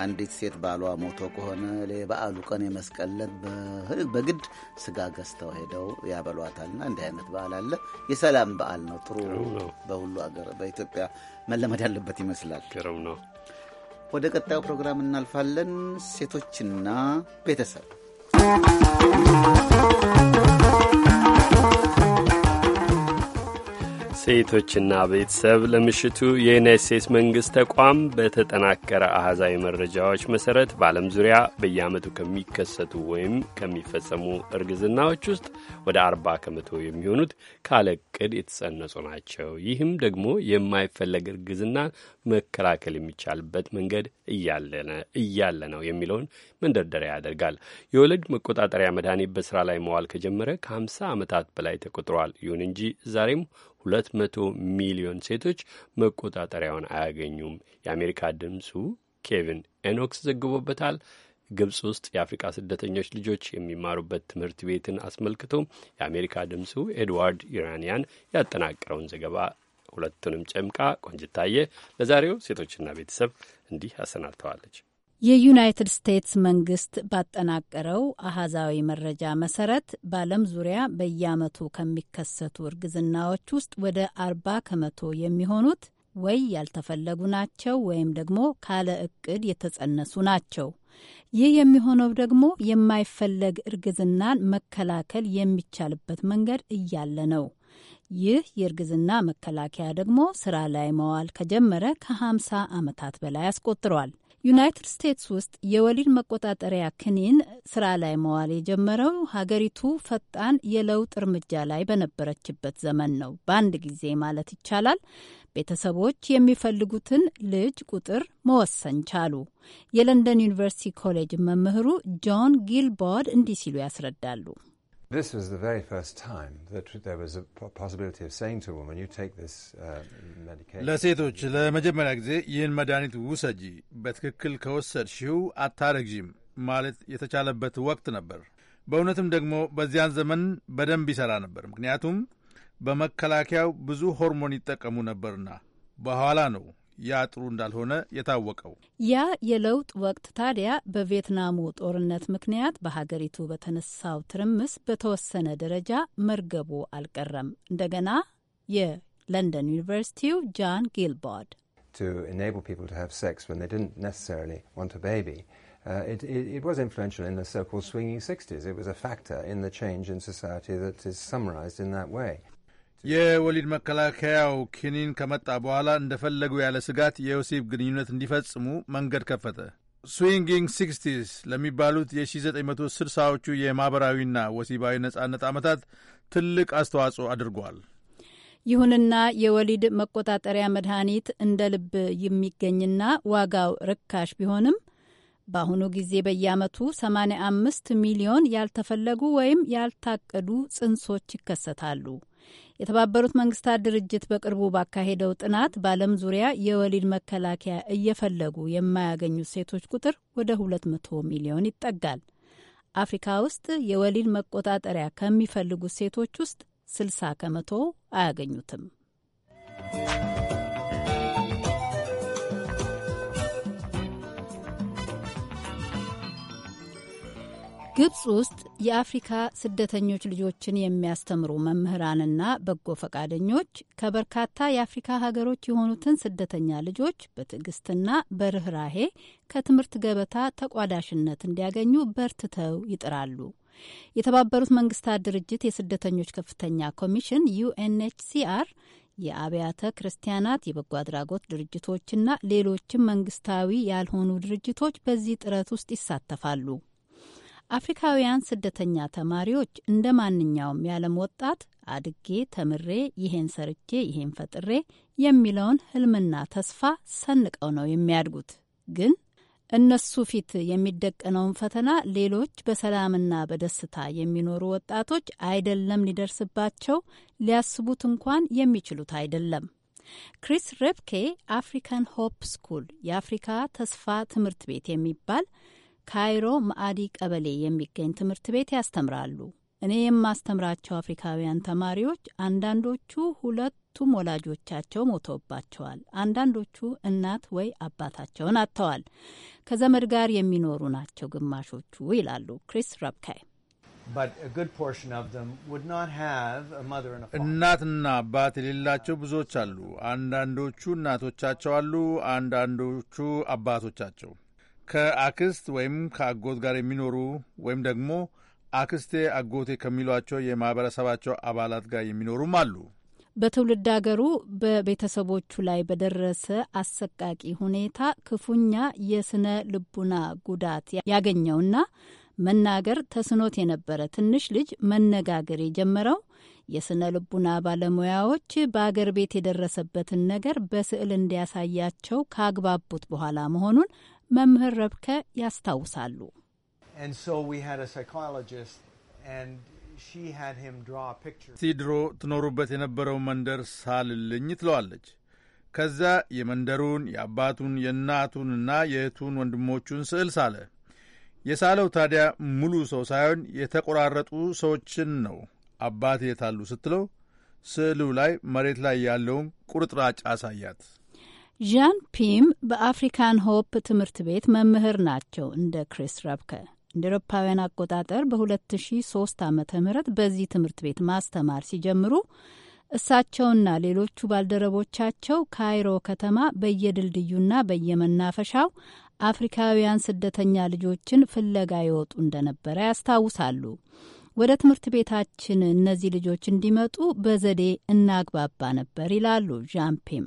አንዲት ሴት ባሏ ሞቶ ከሆነ በዓሉ ቀን የመስቀል በግድ ስጋ ገዝተው ሄደው ያበሏታልና እንዲህ አይነት በዓል አለ። የሰላም በዓል ነው። ጥሩ በሁሉ አገር በኢትዮጵያ መለመድ ያለበት ይመስላል። ግሩም ነው። ወደ ቀጣዩ ፕሮግራም እናልፋለን። ሴቶችና ቤተሰብ Thank you. ሴቶችና ቤተሰብ ለምሽቱ የዩናይት ስቴትስ መንግሥት ተቋም በተጠናከረ አሕዛዊ መረጃዎች መሠረት በዓለም ዙሪያ በየዓመቱ ከሚከሰቱ ወይም ከሚፈጸሙ እርግዝናዎች ውስጥ ወደ አርባ ከመቶ የሚሆኑት ካለ ዕቅድ የተጸነሱ ናቸው። ይህም ደግሞ የማይፈለግ እርግዝና መከላከል የሚቻልበት መንገድ እያለ ነው የሚለውን መንደርደሪያ ያደርጋል። የወለድ መቆጣጠሪያ መድኃኒት በሥራ ላይ መዋል ከጀመረ ከ50 ዓመታት በላይ ተቆጥሯል። ይሁን እንጂ ዛሬም ሁለት መቶ ሚሊዮን ሴቶች መቆጣጠሪያውን አያገኙም። የአሜሪካ ድምፁ ኬቪን ኤኖክስ ዘግቦበታል። ግብጽ ውስጥ የአፍሪቃ ስደተኞች ልጆች የሚማሩበት ትምህርት ቤትን አስመልክቶ የአሜሪካ ድምፁ ኤድዋርድ ኢራንያን ያጠናቀረውን ዘገባ ሁለቱንም ጨምቃ ቆንጅታየ ለዛሬው ሴቶችና ቤተሰብ እንዲህ አሰናድተዋለች። የዩናይትድ ስቴትስ መንግስት ባጠናቀረው አሃዛዊ መረጃ መሰረት በዓለም ዙሪያ በየአመቱ ከሚከሰቱ እርግዝናዎች ውስጥ ወደ አርባ ከመቶ የሚሆኑት ወይ ያልተፈለጉ ናቸው ወይም ደግሞ ካለ እቅድ የተጸነሱ ናቸው። ይህ የሚሆነው ደግሞ የማይፈለግ እርግዝናን መከላከል የሚቻልበት መንገድ እያለ ነው። ይህ የእርግዝና መከላከያ ደግሞ ስራ ላይ መዋል ከጀመረ ከ50 ዓመታት በላይ አስቆጥሯል። ዩናይትድ ስቴትስ ውስጥ የወሊድ መቆጣጠሪያ ክኒን ስራ ላይ መዋል የጀመረው ሀገሪቱ ፈጣን የለውጥ እርምጃ ላይ በነበረችበት ዘመን ነው። በአንድ ጊዜ ማለት ይቻላል ቤተሰቦች የሚፈልጉትን ልጅ ቁጥር መወሰን ቻሉ። የለንደን ዩኒቨርሲቲ ኮሌጅ መምህሩ ጆን ጊልቦርድ እንዲህ ሲሉ ያስረዳሉ። ለሴቶች ለመጀመሪያ ጊዜ ይህን መድኃኒት ውሰጂ፣ በትክክል ከወሰድሽው አታረግዥም ማለት የተቻለበት ወቅት ነበር። በእውነትም ደግሞ በዚያን ዘመን በደንብ ይሠራ ነበር፣ ምክንያቱም በመከላከያው ብዙ ሆርሞን ይጠቀሙ ነበርና። በኋላ ነው to enable people to have sex when they didn't necessarily want a baby. Uh, it was influential in the so-called swinging 60s. It was a factor in the change in society that is summarized in that way. የወሊድ መከላከያው ኪኒን ከመጣ በኋላ እንደፈለጉ ያለ ስጋት የወሲብ ግንኙነት እንዲፈጽሙ መንገድ ከፈተ። ስዊንጊንግ ሲክስቲስ ለሚባሉት የ1960ዎቹ የማኅበራዊና ወሲባዊ ነጻነት ዓመታት ትልቅ አስተዋጽኦ አድርጓል። ይሁንና የወሊድ መቆጣጠሪያ መድኃኒት እንደ ልብ የሚገኝና ዋጋው ርካሽ ቢሆንም በአሁኑ ጊዜ በየዓመቱ 85 ሚሊዮን ያልተፈለጉ ወይም ያልታቀዱ ጽንሶች ይከሰታሉ። የተባበሩት መንግስታት ድርጅት በቅርቡ ባካሄደው ጥናት በዓለም ዙሪያ የወሊድ መከላከያ እየፈለጉ የማያገኙት ሴቶች ቁጥር ወደ 200 ሚሊዮን ይጠጋል። አፍሪካ ውስጥ የወሊድ መቆጣጠሪያ ከሚፈልጉት ሴቶች ውስጥ 60 ከመቶ አያገኙትም። ግብፅ ውስጥ የአፍሪካ ስደተኞች ልጆችን የሚያስተምሩ መምህራንና በጎ ፈቃደኞች ከበርካታ የአፍሪካ ሀገሮች የሆኑትን ስደተኛ ልጆች በትዕግስትና በርኅራሄ ከትምህርት ገበታ ተቋዳሽነት እንዲያገኙ በርትተው ይጥራሉ። የተባበሩት መንግስታት ድርጅት የስደተኞች ከፍተኛ ኮሚሽን ዩኤንኤችሲአር የአብያተ ክርስቲያናት የበጎ አድራጎት ድርጅቶችና ሌሎችም መንግስታዊ ያልሆኑ ድርጅቶች በዚህ ጥረት ውስጥ ይሳተፋሉ። አፍሪካውያን ስደተኛ ተማሪዎች እንደ ማንኛውም የዓለም ወጣት አድጌ ተምሬ ይሄን ሰርቼ ይሄን ፈጥሬ የሚለውን ህልምና ተስፋ ሰንቀው ነው የሚያድጉት። ግን እነሱ ፊት የሚደቀነውን ፈተና ሌሎች በሰላምና በደስታ የሚኖሩ ወጣቶች አይደለም ሊደርስባቸው ሊያስቡት እንኳን የሚችሉት አይደለም። ክሪስ ሬፕኬ አፍሪካን ሆፕ ስኩል የአፍሪካ ተስፋ ትምህርት ቤት የሚባል ካይሮ ማአዲ ቀበሌ የሚገኝ ትምህርት ቤት ያስተምራሉ። እኔ የማስተምራቸው አፍሪካውያን ተማሪዎች አንዳንዶቹ ሁለቱም ወላጆቻቸው ሞተውባቸዋል። አንዳንዶቹ እናት ወይ አባታቸውን አጥተዋል። ከዘመድ ጋር የሚኖሩ ናቸው ግማሾቹ ይላሉ ክሪስ ረብካይ። እናትና አባት የሌላቸው ብዙዎች አሉ። አንዳንዶቹ እናቶቻቸው አሉ፣ አንዳንዶቹ አባቶቻቸው ከአክስት ወይም ከአጎት ጋር የሚኖሩ ወይም ደግሞ አክስቴ አጎቴ ከሚሏቸው የማህበረሰባቸው አባላት ጋር የሚኖሩም አሉ። በትውልድ አገሩ በቤተሰቦቹ ላይ በደረሰ አሰቃቂ ሁኔታ ክፉኛ የስነ ልቡና ጉዳት ያገኘውና መናገር ተስኖት የነበረ ትንሽ ልጅ መነጋገር የጀመረው የስነ ልቡና ባለሙያዎች በአገር ቤት የደረሰበትን ነገር በስዕል እንዲያሳያቸው ካግባቡት በኋላ መሆኑን መምህር ረብከ ያስታውሳሉ። ሲድሮ ትኖሩበት የነበረው መንደር ሳልልኝ ትለዋለች። ከዛ የመንደሩን የአባቱን የእናቱንና የእህቱን ወንድሞቹን ስዕል ሳለ። የሳለው ታዲያ ሙሉ ሰው ሳይሆን የተቆራረጡ ሰዎችን ነው። አባት የታሉ ስትለው ስዕሉ ላይ መሬት ላይ ያለውን ቁርጥራጭ አሳያት። ዣን ፒም በአፍሪካን ሆፕ ትምህርት ቤት መምህር ናቸው። እንደ ክሪስ ረብከ እንደ ኤሮፓውያን አቆጣጠር በ2003 ዓ ም በዚህ ትምህርት ቤት ማስተማር ሲጀምሩ እሳቸውና ሌሎቹ ባልደረቦቻቸው ካይሮ ከተማ በየድልድዩና በየመናፈሻው አፍሪካውያን ስደተኛ ልጆችን ፍለጋ ይወጡ እንደነበረ ያስታውሳሉ። ወደ ትምህርት ቤታችን እነዚህ ልጆች እንዲመጡ በዘዴ እናግባባ ነበር ይላሉ ዣምፔም።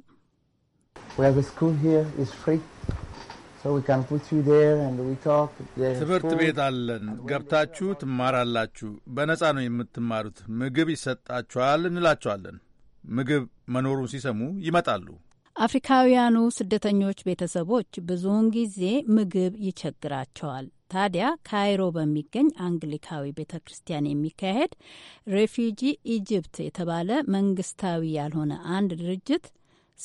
ትምህርት ቤት አለን። ገብታችሁ ትማራላችሁ። በነጻ ነው የምትማሩት። ምግብ ይሰጣችኋል እንላቸዋለን። ምግብ መኖሩን ሲሰሙ ይመጣሉ። አፍሪካውያኑ ስደተኞች ቤተሰቦች ብዙውን ጊዜ ምግብ ይቸግራቸዋል። ታዲያ ካይሮ በሚገኝ አንግሊካዊ ቤተ ክርስቲያን የሚካሄድ ሬፊጂ ኢጅፕት የተባለ መንግስታዊ ያልሆነ አንድ ድርጅት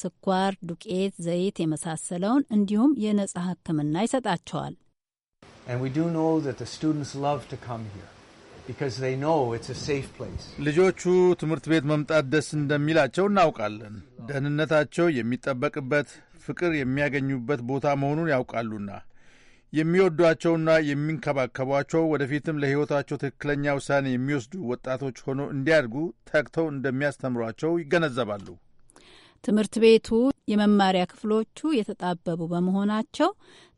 ስኳር፣ ዱቄት፣ ዘይት የመሳሰለውን እንዲሁም የነጻ ሕክምና ይሰጣቸዋል። ልጆቹ ትምህርት ቤት መምጣት ደስ እንደሚላቸው እናውቃለን። ደህንነታቸው የሚጠበቅበት ፍቅር የሚያገኙበት ቦታ መሆኑን ያውቃሉና የሚወዷቸውና የሚንከባከቧቸው ወደፊትም ለሕይወታቸው ትክክለኛ ውሳኔ የሚወስዱ ወጣቶች ሆኖ እንዲያድጉ ተግተው እንደሚያስተምሯቸው ይገነዘባሉ። ትምህርት ቤቱ የመማሪያ ክፍሎቹ የተጣበቡ በመሆናቸው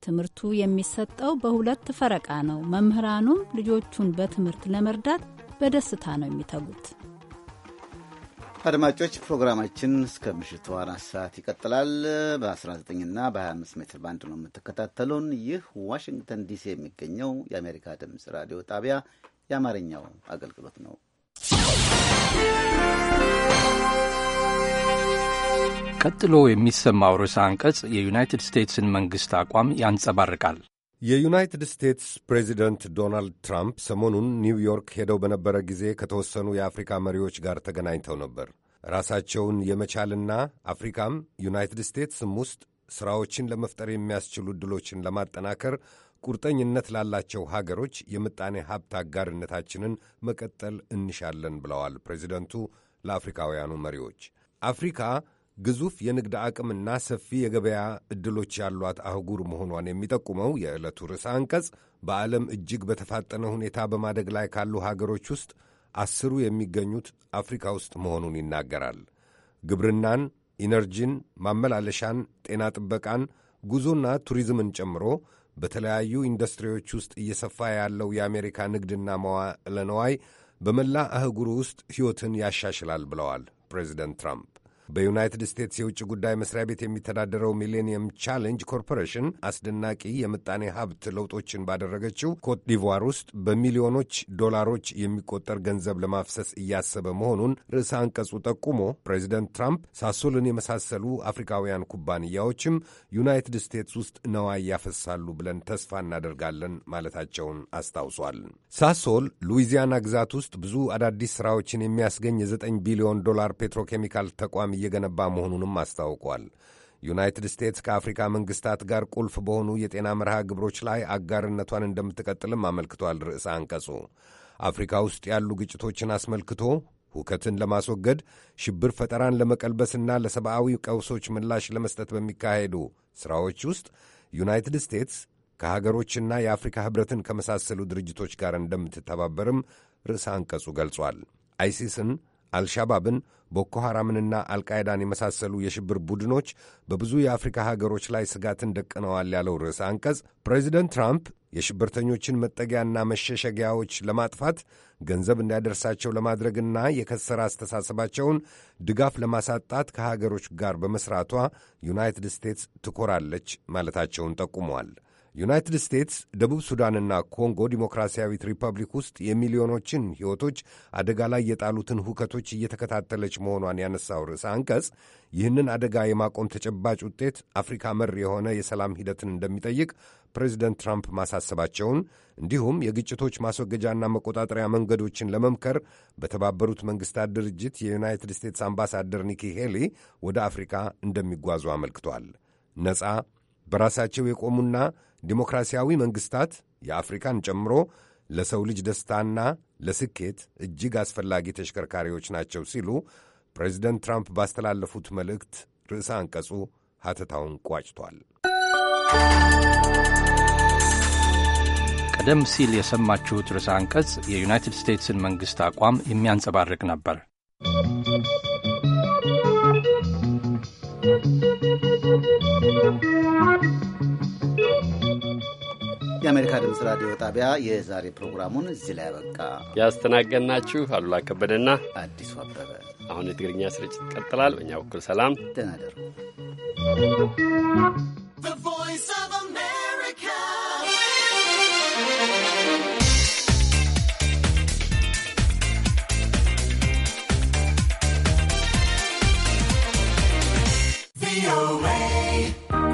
ትምህርቱ የሚሰጠው በሁለት ፈረቃ ነው። መምህራኑም ልጆቹን በትምህርት ለመርዳት በደስታ ነው የሚተጉት። አድማጮች ፕሮግራማችን እስከ ምሽቱ አራት ሰዓት ይቀጥላል። 19 እና በ25 ሜትር ባንድ ነው የምትከታተሉን። ይህ ዋሽንግተን ዲሲ የሚገኘው የአሜሪካ ድምፅ ራዲዮ ጣቢያ የአማርኛው አገልግሎት ነው። ቀጥሎ የሚሰማው ርዕሰ አንቀጽ የዩናይትድ ስቴትስን መንግሥት አቋም ያንጸባርቃል። የዩናይትድ ስቴትስ ፕሬዚደንት ዶናልድ ትራምፕ ሰሞኑን ኒውዮርክ ሄደው በነበረ ጊዜ ከተወሰኑ የአፍሪካ መሪዎች ጋር ተገናኝተው ነበር። ራሳቸውን የመቻልና አፍሪካም ዩናይትድ ስቴትስም ውስጥ ሥራዎችን ለመፍጠር የሚያስችሉ ዕድሎችን ለማጠናከር ቁርጠኝነት ላላቸው ሀገሮች የምጣኔ ሀብት አጋርነታችንን መቀጠል እንሻለን ብለዋል ፕሬዚደንቱ ለአፍሪካውያኑ መሪዎች አፍሪካ ግዙፍ የንግድ አቅምና ሰፊ የገበያ ዕድሎች ያሏት አህጉር መሆኗን የሚጠቁመው የዕለቱ ርዕሰ አንቀጽ በዓለም እጅግ በተፋጠነ ሁኔታ በማደግ ላይ ካሉ ሀገሮች ውስጥ አስሩ የሚገኙት አፍሪካ ውስጥ መሆኑን ይናገራል። ግብርናን፣ ኢነርጂን፣ ማመላለሻን፣ ጤና ጥበቃን፣ ጉዞና ቱሪዝምን ጨምሮ በተለያዩ ኢንዱስትሪዎች ውስጥ እየሰፋ ያለው የአሜሪካ ንግድና መዋዕለ ነዋይ በመላ አህጉሩ ውስጥ ሕይወትን ያሻሽላል ብለዋል ፕሬዚደንት ትራምፕ። በዩናይትድ ስቴትስ የውጭ ጉዳይ መስሪያ ቤት የሚተዳደረው ሚሌኒየም ቻሌንጅ ኮርፖሬሽን አስደናቂ የምጣኔ ሀብት ለውጦችን ባደረገችው ኮት ውስጥ በሚሊዮኖች ዶላሮች የሚቆጠር ገንዘብ ለማፍሰስ እያሰበ መሆኑን ርዕሰ አንቀጹ ጠቁሞ ፕሬዚደንት ትራምፕ ሳሶልን የመሳሰሉ አፍሪካውያን ኩባንያዎችም ዩናይትድ ስቴትስ ውስጥ ነዋይ ያፈሳሉ ብለን ተስፋ እናደርጋለን ማለታቸውን አስታውሷል። ሳሶል ሉዊዚያና ግዛት ውስጥ ብዙ አዳዲስ ሥራዎችን የሚያስገኝ የዘጠኝ ቢሊዮን ዶላር ፔትሮኬሚካል ተቋም እየገነባ መሆኑንም አስታውቋል። ዩናይትድ ስቴትስ ከአፍሪካ መንግስታት ጋር ቁልፍ በሆኑ የጤና መርሃ ግብሮች ላይ አጋርነቷን እንደምትቀጥልም አመልክቷል። ርዕሰ አንቀጹ አፍሪካ ውስጥ ያሉ ግጭቶችን አስመልክቶ ሁከትን ለማስወገድ ሽብር ፈጠራን ለመቀልበስና ለሰብአዊ ቀውሶች ምላሽ ለመስጠት በሚካሄዱ ሥራዎች ውስጥ ዩናይትድ ስቴትስ ከሀገሮችና የአፍሪካ ኅብረትን ከመሳሰሉ ድርጅቶች ጋር እንደምትተባበርም ርዕሰ አንቀጹ ገልጿል። አይሲስን አልሻባብን ቦኮ ሐራምንና አልቃይዳን የመሳሰሉ የሽብር ቡድኖች በብዙ የአፍሪካ ሀገሮች ላይ ስጋትን ደቅነዋል ያለው ርዕሰ አንቀጽ ፕሬዚደንት ትራምፕ የሽብርተኞችን መጠጊያና መሸሸጊያዎች ለማጥፋት ገንዘብ እንዲያደርሳቸው ለማድረግና የከሰረ አስተሳሰባቸውን ድጋፍ ለማሳጣት ከሀገሮች ጋር በመስራቷ ዩናይትድ ስቴትስ ትኮራለች ማለታቸውን ጠቁመዋል። ዩናይትድ ስቴትስ ደቡብ ሱዳንና ኮንጎ ዲሞክራሲያዊት ሪፐብሊክ ውስጥ የሚሊዮኖችን ሕይወቶች አደጋ ላይ የጣሉትን ሁከቶች እየተከታተለች መሆኗን ያነሳው ርዕሰ አንቀጽ ይህንን አደጋ የማቆም ተጨባጭ ውጤት አፍሪካ መር የሆነ የሰላም ሂደትን እንደሚጠይቅ ፕሬዚደንት ትራምፕ ማሳሰባቸውን እንዲሁም የግጭቶች ማስወገጃና መቆጣጠሪያ መንገዶችን ለመምከር በተባበሩት መንግስታት ድርጅት የዩናይትድ ስቴትስ አምባሳደር ኒኪ ሄሊ ወደ አፍሪካ እንደሚጓዙ አመልክቷል። ነጻ በራሳቸው የቆሙና ዲሞክራሲያዊ መንግሥታት የአፍሪካን ጨምሮ ለሰው ልጅ ደስታና ለስኬት እጅግ አስፈላጊ ተሽከርካሪዎች ናቸው ሲሉ ፕሬዚደንት ትራምፕ ባስተላለፉት መልእክት ርዕሰ አንቀጹ ሐተታውን ቋጭቷል። ቀደም ሲል የሰማችሁት ርዕሰ አንቀጽ የዩናይትድ ስቴትስን መንግሥት አቋም የሚያንጸባርቅ ነበር። የአሜሪካ ድምፅ ራዲዮ ጣቢያ የዛሬ ፕሮግራሙን እዚህ ላይ ያበቃ። ያስተናገድናችሁ አሉላ ከበደና አዲሱ አበበ። አሁን የትግርኛ ስርጭት ይቀጥላል። በእኛ በኩል ሰላም፣ ደህና ደሩ።